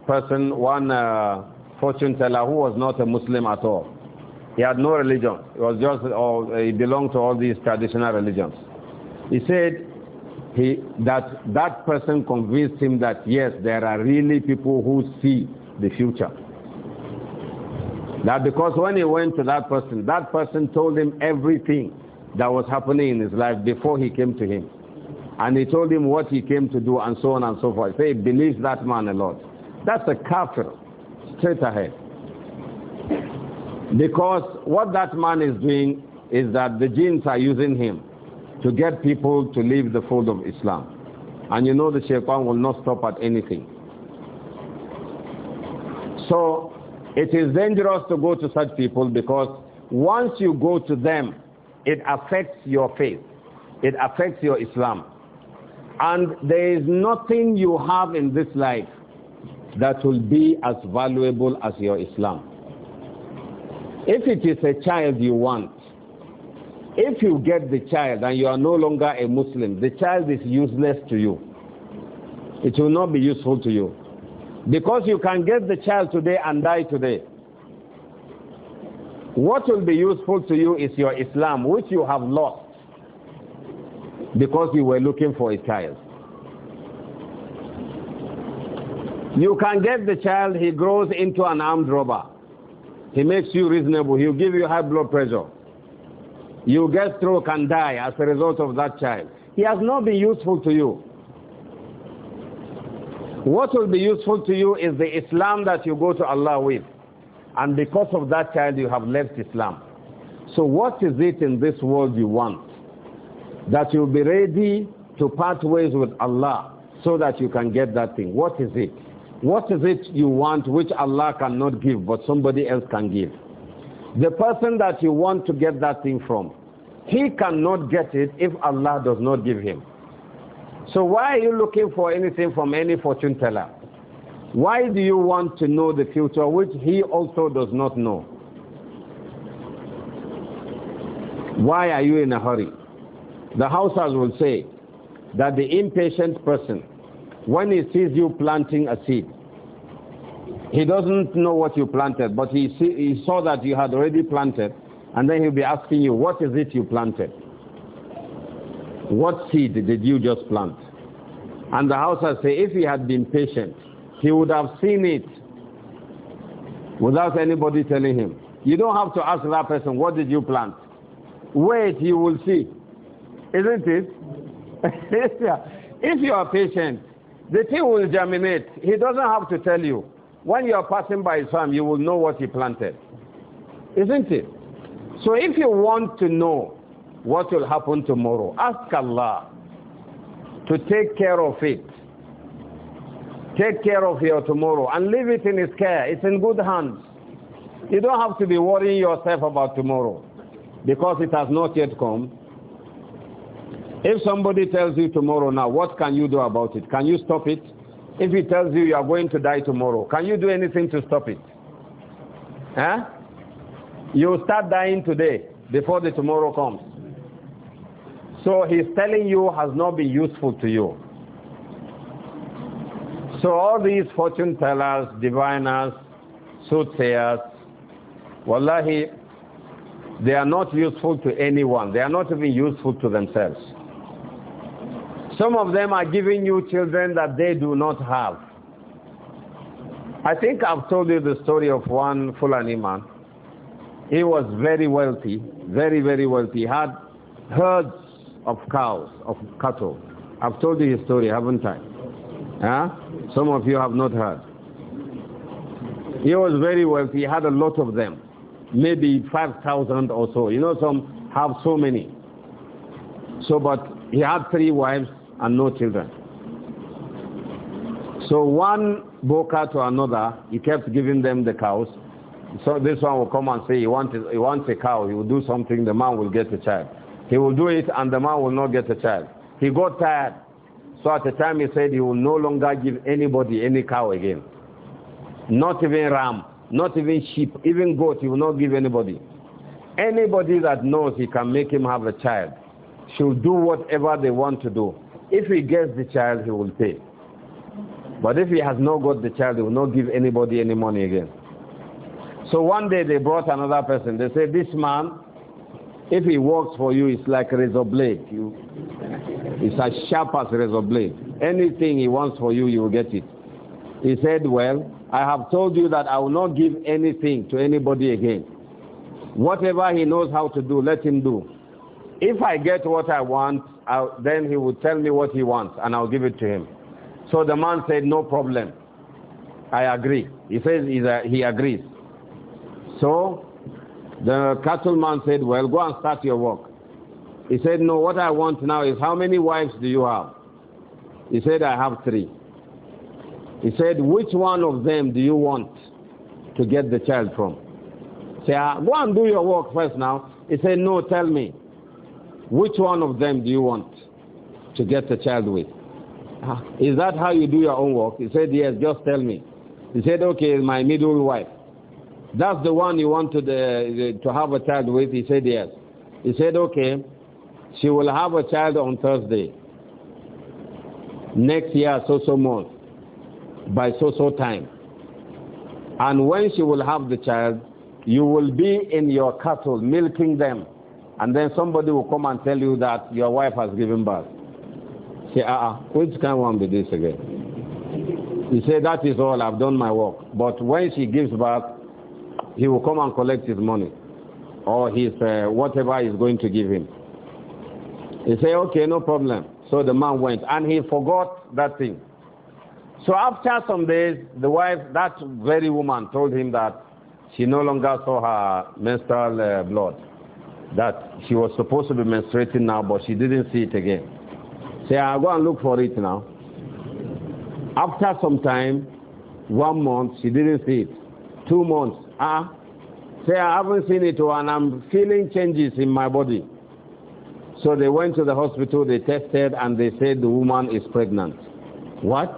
person, one uh, fortune teller who was not a Muslim at all. He had no religion. He was just, he belonged to all these traditional religions. He said he, that that person convinced him that yes, there are really people who see the future. That because when he went to that person, that person told him everything that was happening in his life before he came to him. And he told him what he came to do and so on and so forth. So he believes that man a lot. That's a kafir, straight ahead. Because what that man is doing is that the jinns are using him to get people to leave the fold of Islam. And you know the shaitan will not stop at anything. So it is dangerous to go to such people because once you go to them, it affects your faith, it affects your Islam. And there is nothing you have in this life that will be as valuable as your Islam. If it is a child you want, if you get the child and you are no longer a Muslim, the child is useless to you. It will not be useful to you. Because you can get the child today and die today. What will be useful to you is your Islam, which you have lost because you were looking for a child. You can get the child, he grows into an armed robber. He makes you reasonable, he'll give you high blood pressure. You get stroke and die as a result of that child. He has not been useful to you. What will be useful to you is the Islam that you go to Allah with. And because of that child, you have left Islam. So, what is it in this world you want? that you'll be ready to part ways with Allah so that you can get that thing. What is it? What is it you want which Allah cannot give but somebody else can give? The person that you want to get that thing from, he cannot get it if Allah does not give him. So why are you looking for anything from any fortune teller? Why do you want to know the future which he also does not know? Why are you in a hurry? The households will say that the impatient person, when he sees you planting a seed, he doesn't know what you planted, but he, see, he saw that you had already planted, and then he'll be asking you, What is it you planted? What seed did you just plant? And the households say, If he had been patient, he would have seen it without anybody telling him. You don't have to ask that person, What did you plant? Wait, you will see. Isn't it? yeah. if you are patient, the thing will germinate. He doesn't have to tell you. When you are passing by his farm, you will know what he planted. Isn't it? So if you want to know what will happen tomorrow, ask Allah to take care of it. Take care of your tomorrow and leave it in his care. It's in good hands. You don't have to be worrying yourself about tomorrow because it has not yet come if somebody tells you tomorrow now, what can you do about it? Can you stop it? If he tells you you are going to die tomorrow, can you do anything to stop it? Huh? You start dying today before the tomorrow comes. So he's telling you has not been useful to you. So all these fortune tellers, diviners, soothsayers, wallahi, they are not useful to anyone. They are not even useful to themselves. Some of them are giving you children that they do not have. I think I've told you the story of one Fulani man. He was very wealthy, very, very wealthy. He had herds of cows, of cattle. I've told you his story, haven't I? Huh? Some of you have not heard. He was very wealthy. He had a lot of them, maybe 5,000 or so. You know, some have so many. So, but he had three wives, and no children. So one boka to another, he kept giving them the cows. So this one will come and say he wants, he wants a cow. He will do something, the man will get a child. He will do it and the man will not get a child. He got tired. So at the time he said he will no longer give anybody any cow again. Not even ram, not even sheep, even goat, he will not give anybody. Anybody that knows he can make him have a child should do whatever they want to do if he gets the child, he will pay. But if he has not got the child, he will not give anybody any money again. So one day they brought another person. They said, This man, if he works for you, it's like a razor blade. You, it's as sharp as a razor blade. Anything he wants for you, you will get it. He said, Well, I have told you that I will not give anything to anybody again. Whatever he knows how to do, let him do. If I get what I want, I'll, then he would tell me what he wants and I'll give it to him. So the man said, No problem. I agree. He says he agrees. So the cattleman said, Well, go and start your work. He said, No, what I want now is how many wives do you have? He said, I have three. He said, Which one of them do you want to get the child from? Say, ah, Go and do your work first now. He said, No, tell me. Which one of them do you want to get the child with? Ah. is that how you do your own work? He said, Yes, just tell me. He said, Okay, my middle wife. That's the one you want to, the, to have a child with? He said, Yes. He said, Okay, she will have a child on Thursday. Next year, so so month, by so so time. And when she will have the child, you will be in your cattle milking them and then somebody will come and tell you that your wife has given birth. Say, ah, uh -uh, which kind one be this again? He said, that is all, I've done my work. But when she gives birth, he will come and collect his money or his uh, whatever he's going to give him. He said, okay, no problem. So the man went and he forgot that thing. So after some days, the wife, that very woman, told him that she no longer saw her menstrual uh, blood that she was supposed to be menstruating now, but she didn't see it again. Say, so I'll go and look for it now. After some time, one month, she didn't see it. Two months, ah. Say, so I haven't seen it, oh, and I'm feeling changes in my body. So they went to the hospital, they tested, and they said the woman is pregnant. What?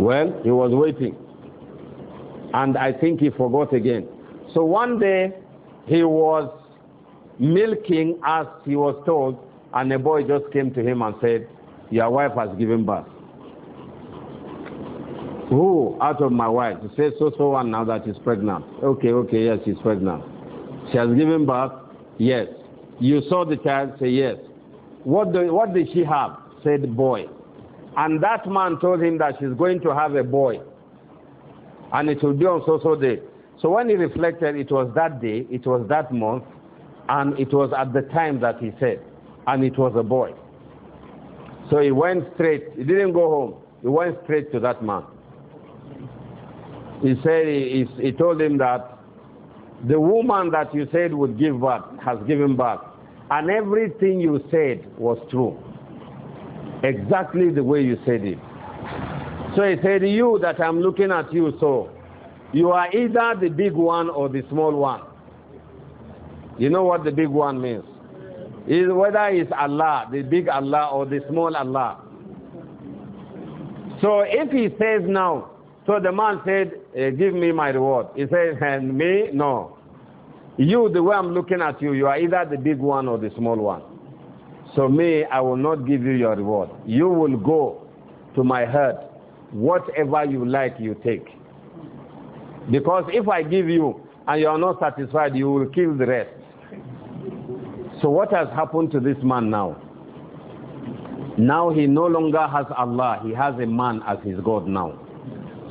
Well, he was waiting. And I think he forgot again. So one day, he was milking as he was told, and a boy just came to him and said, Your wife has given birth. Who out of my wife? He says, So, so one now that she's pregnant. Okay, okay, yes, she's pregnant. She has given birth? Yes. You saw the child? Say, Yes. What, do, what did she have? Said, Boy. And that man told him that she's going to have a boy. And it will be on so so day. So when he reflected, it was that day, it was that month, and it was at the time that he said, and it was a boy. So he went straight, he didn't go home, he went straight to that man. He said, he, he told him that the woman that you said would give birth has given birth, and everything you said was true. Exactly the way you said it. So he said, You that I'm looking at you so, you are either the big one or the small one. You know what the big one means? Is whether it's Allah, the big Allah or the small Allah. So if he says now, so the man said, eh, give me my reward. He says, and me? No. You, the way I'm looking at you, you are either the big one or the small one. So me, I will not give you your reward. You will go to my herd. Whatever you like, you take. Because if I give you and you are not satisfied, you will kill the rest. So what has happened to this man now? Now he no longer has Allah, he has a man as his God now.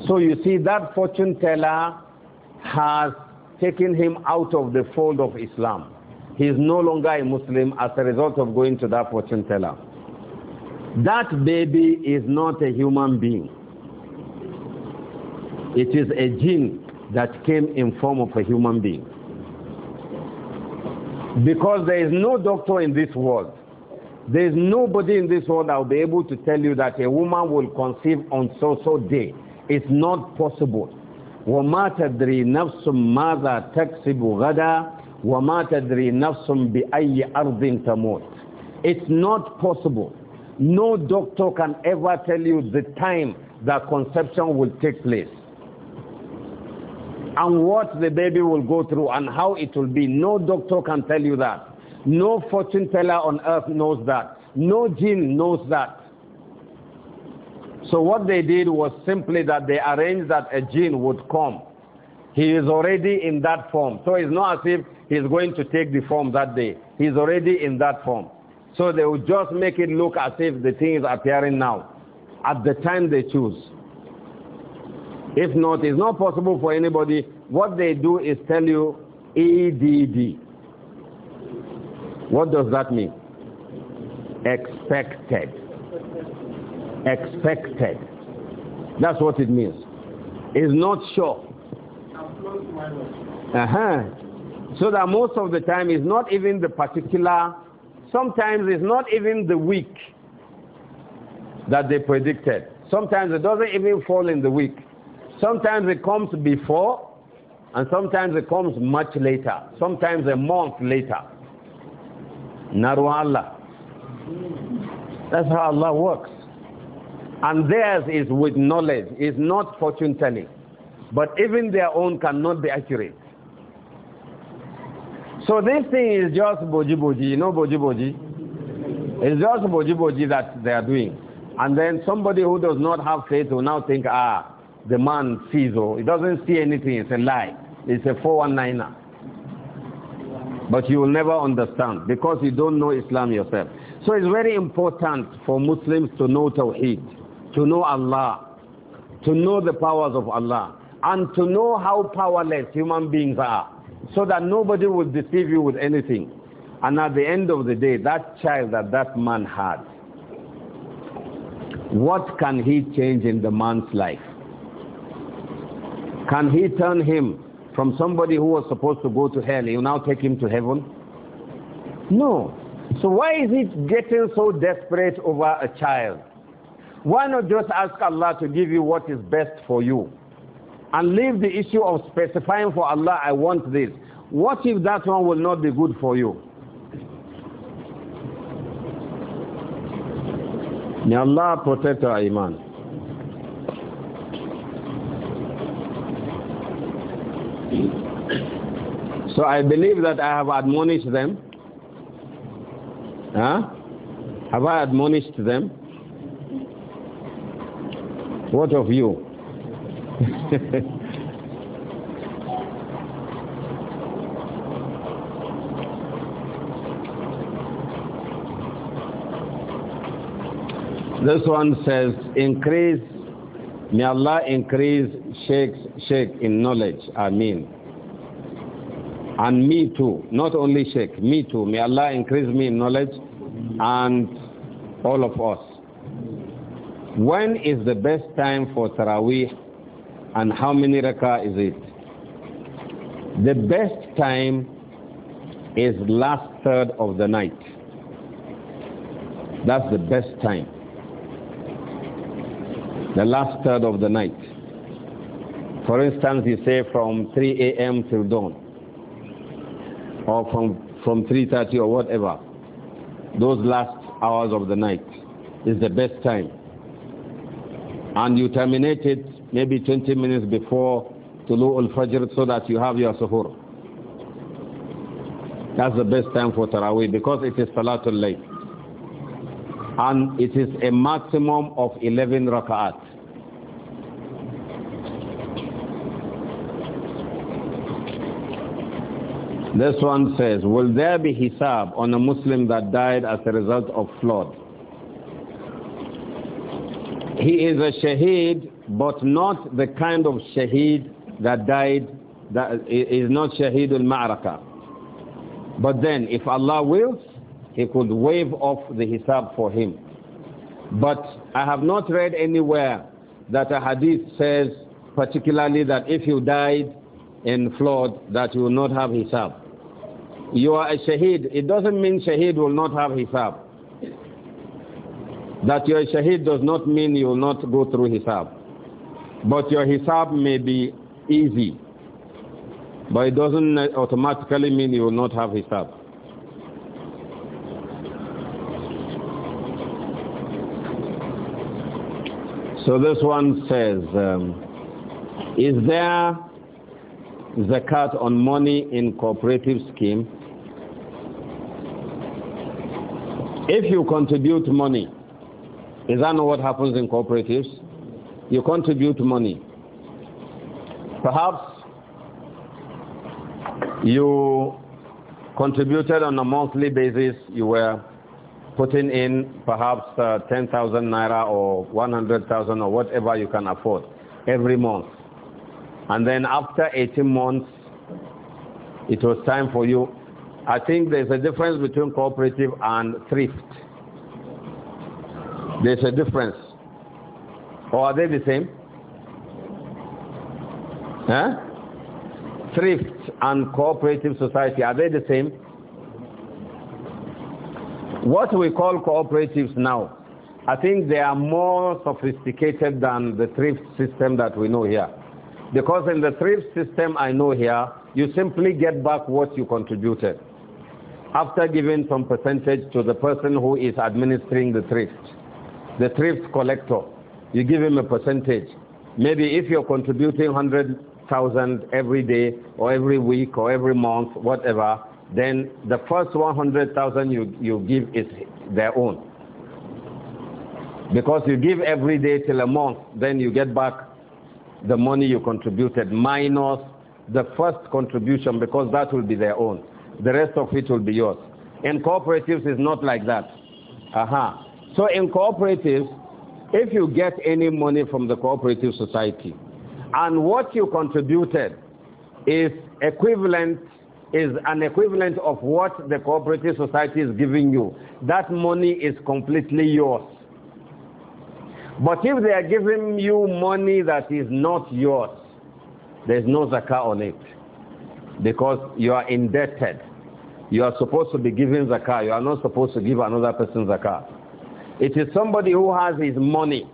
So you see, that fortune teller has taken him out of the fold of Islam. He is no longer a Muslim as a result of going to that fortune teller. That baby is not a human being, it is a jinn that came in form of a human being. Because there is no doctor in this world. There is nobody in this world that will be able to tell you that a woman will conceive on so so day. It's not possible. وَمَا تَدْرِي نَفْسٌ مَاذَا تَكْسِبُ غَدًا وَمَا تَدْرِي نَفْسٌ بِأَيِّ أَرْضٍ تَمُوتُ It's not possible. No doctor can ever tell you the time that conception will take place and what the baby will go through and how it will be. No doctor can tell you that. No fortune teller on earth knows that. No jinn knows that. So what they did was simply that they arranged that a jinn would come. He is already in that form. So it's not as if he's going to take the form that day. He's already in that form. So they would just make it look as if the thing is appearing now at the time they choose. If not, it's not possible for anybody. What they do is tell you ADD. What does that mean? Expected. Expected. That's what it means. It's not sure. Uh-huh. So that most of the time it's not even the particular, sometimes it's not even the week that they predicted. Sometimes it doesn't even fall in the week. Sometimes it comes before, and sometimes it comes much later, sometimes a month later. Narwa Allah. That's how Allah works. And theirs is with knowledge, is not fortune telling. But even their own cannot be accurate. So this thing is just boji boji, you know boji boji? It's just boji boji that they are doing. And then somebody who does not have faith will now think, ah, the man sees, oh, he doesn't see anything, it's a lie. It's a 419er. But you will never understand because you don't know Islam yourself. So it's very important for Muslims to know Tawheed, to know Allah, to know the powers of Allah, and to know how powerless human beings are so that nobody will deceive you with anything. And at the end of the day, that child that that man had, what can he change in the man's life? Can he turn him from somebody who was supposed to go to hell, You now take him to heaven? No. So why is he getting so desperate over a child? Why not just ask Allah to give you what is best for you? And leave the issue of specifying for Allah, I want this. What if that one will not be good for you? May Allah protect our iman. So I believe that I have admonished them. Huh? Have I admonished them? What of you? this one says increase May Allah increase Sheikh Sheikh in knowledge. Amin. And me too, not only Sheikh, me too. May Allah increase me in knowledge and all of us. When is the best time for Taraweeh and how many rakah is it? The best time is last third of the night. That's the best time the last third of the night. For instance, you say from 3 a.m. till dawn, or from, from 3.30 or whatever. Those last hours of the night is the best time. And you terminate it maybe 20 minutes before Tulu al-Fajr so that you have your suhoor. That's the best time for Taraweeh because it is Salatul Layl and it is a maximum of 11 rak'at. This one says, Will there be hisab on a Muslim that died as a result of flood? He is a shaheed, but not the kind of shaheed that died, that is not shaheed al-ma'raka. But then, if Allah wills, he could waive off the hisab for him. But I have not read anywhere that a hadith says particularly that if you died in flood that you will not have hisab. You are a shaheed. It doesn't mean shaheed will not have hisab. That you are a shaheed does not mean you will not go through hisab. But your hisab may be easy. But it doesn't automatically mean you will not have hisab. So this one says, um, is there zakat on money in cooperative scheme? If you contribute money, is that not what happens in cooperatives? You contribute money. Perhaps you contributed on a monthly basis, you were putting in perhaps uh, 10,000 naira or 100,000 or whatever you can afford every month. And then after 18 months, it was time for you. I think there's a difference between cooperative and thrift. There's a difference. Or are they the same? Huh? Thrift and cooperative society, are they the same? What we call cooperatives now, I think they are more sophisticated than the thrift system that we know here. Because in the thrift system I know here, you simply get back what you contributed after giving some percentage to the person who is administering the thrift. The thrift collector, you give him a percentage. Maybe if you're contributing 100,000 every day or every week or every month, whatever, then the first 100,000 you, you give is their own. Because you give every day till a month, then you get back the money you contributed minus the first contribution because that will be their own. The rest of it will be yours. In cooperatives, it's not like that. Aha. Uh -huh. So in cooperatives, if you get any money from the cooperative society and what you contributed is equivalent is an equivalent of what the cooperative society is giving you. That money is completely yours. But if they are giving you money that is not yours, there's no zakah on it because you are indebted. You are supposed to be giving zakah. You are not supposed to give another person zakah. It is somebody who has his money.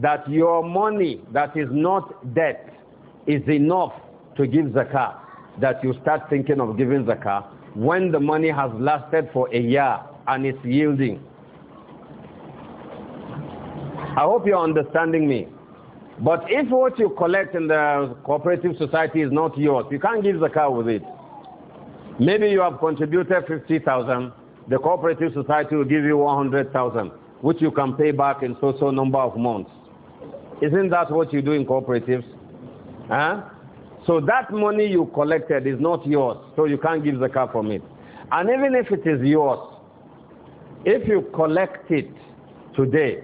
That your money that is not debt is enough to give zakah that you start thinking of giving zakah when the money has lasted for a year and it's yielding. I hope you're understanding me. But if what you collect in the cooperative society is not yours, you can't give zakah with it. Maybe you have contributed 50,000, the cooperative society will give you 100,000, which you can pay back in so so number of months. Isn't that what you do in cooperatives? Huh? So that money you collected is not yours, so you can't give zakah from it. And even if it is yours, if you collect it today,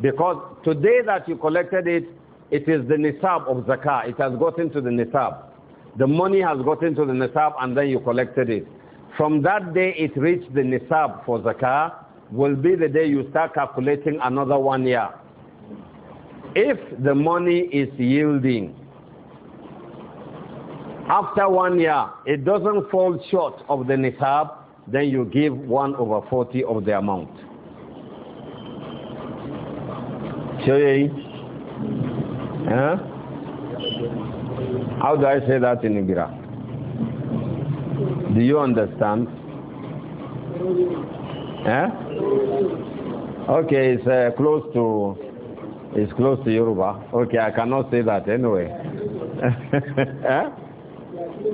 because today that you collected it, it is the nisab of zakah. It has gotten to the nisab. The money has gotten to the nisab and then you collected it. From that day it reached the nisab for zakah will be the day you start calculating another one year. If the money is yielding, after one year, it doesn't fall short of the nisab, then you give 1 over 40 of the amount. So, Huh? How do I say that in Igra? Do you understand? Huh? Okay, it's uh, close to it's close to Yoruba. Okay, I cannot say that anyway. huh?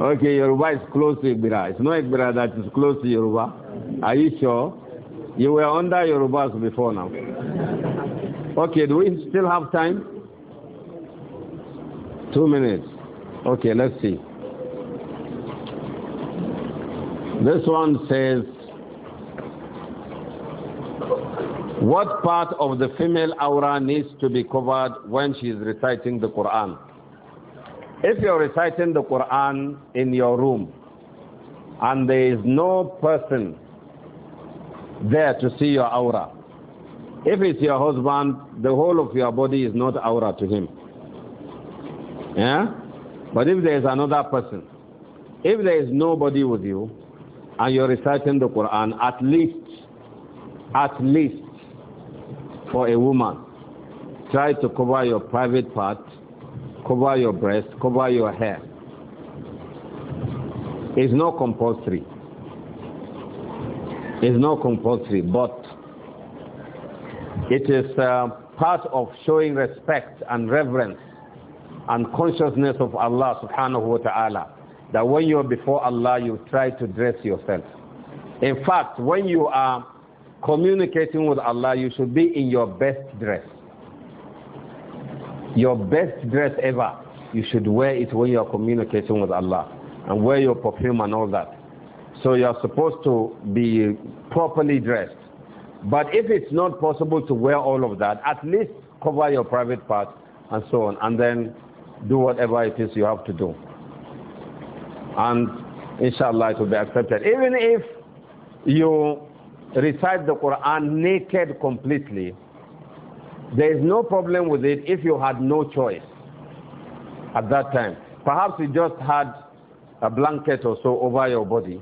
okay, Yoruba is close to Ibira. It's not Ibira that is close to Yoruba. Are you sure? You were under Yorubas before now. Okay, do we still have time? Two minutes. Okay, let's see. This one says. What part of the female aura needs to be covered when she is reciting the Quran? If you're reciting the Quran in your room and there is no person there to see your aura, if it's your husband, the whole of your body is not aura to him. Yeah? But if there is another person, if there is nobody with you and you're reciting the Quran, at least, at least for a woman. Try to cover your private part, cover your breast, cover your hair. It's not compulsory. It's not compulsory, but it is uh, part of showing respect and reverence and consciousness of Allah subhanahu wa ta'ala. That when you are before Allah, you try to dress yourself. In fact, when you are communicating with Allah, you should be in your best dress. Your best dress ever. You should wear it when you are communicating with Allah and wear your perfume and all that. So you are supposed to be properly dressed. But if it's not possible to wear all of that, at least cover your private parts and so on, and then do whatever it is you have to do. And inshallah, it will be accepted. Even if you recite the Quran naked completely, there is no problem with it if you had no choice at that time. Perhaps you just had a blanket or so over your body,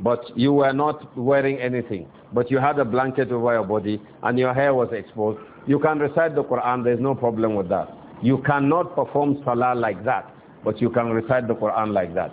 but you were not wearing anything, but you had a blanket over your body and your hair was exposed. You can recite the Quran, there's no problem with that. You cannot perform salah like that, but you can recite the Quran like that.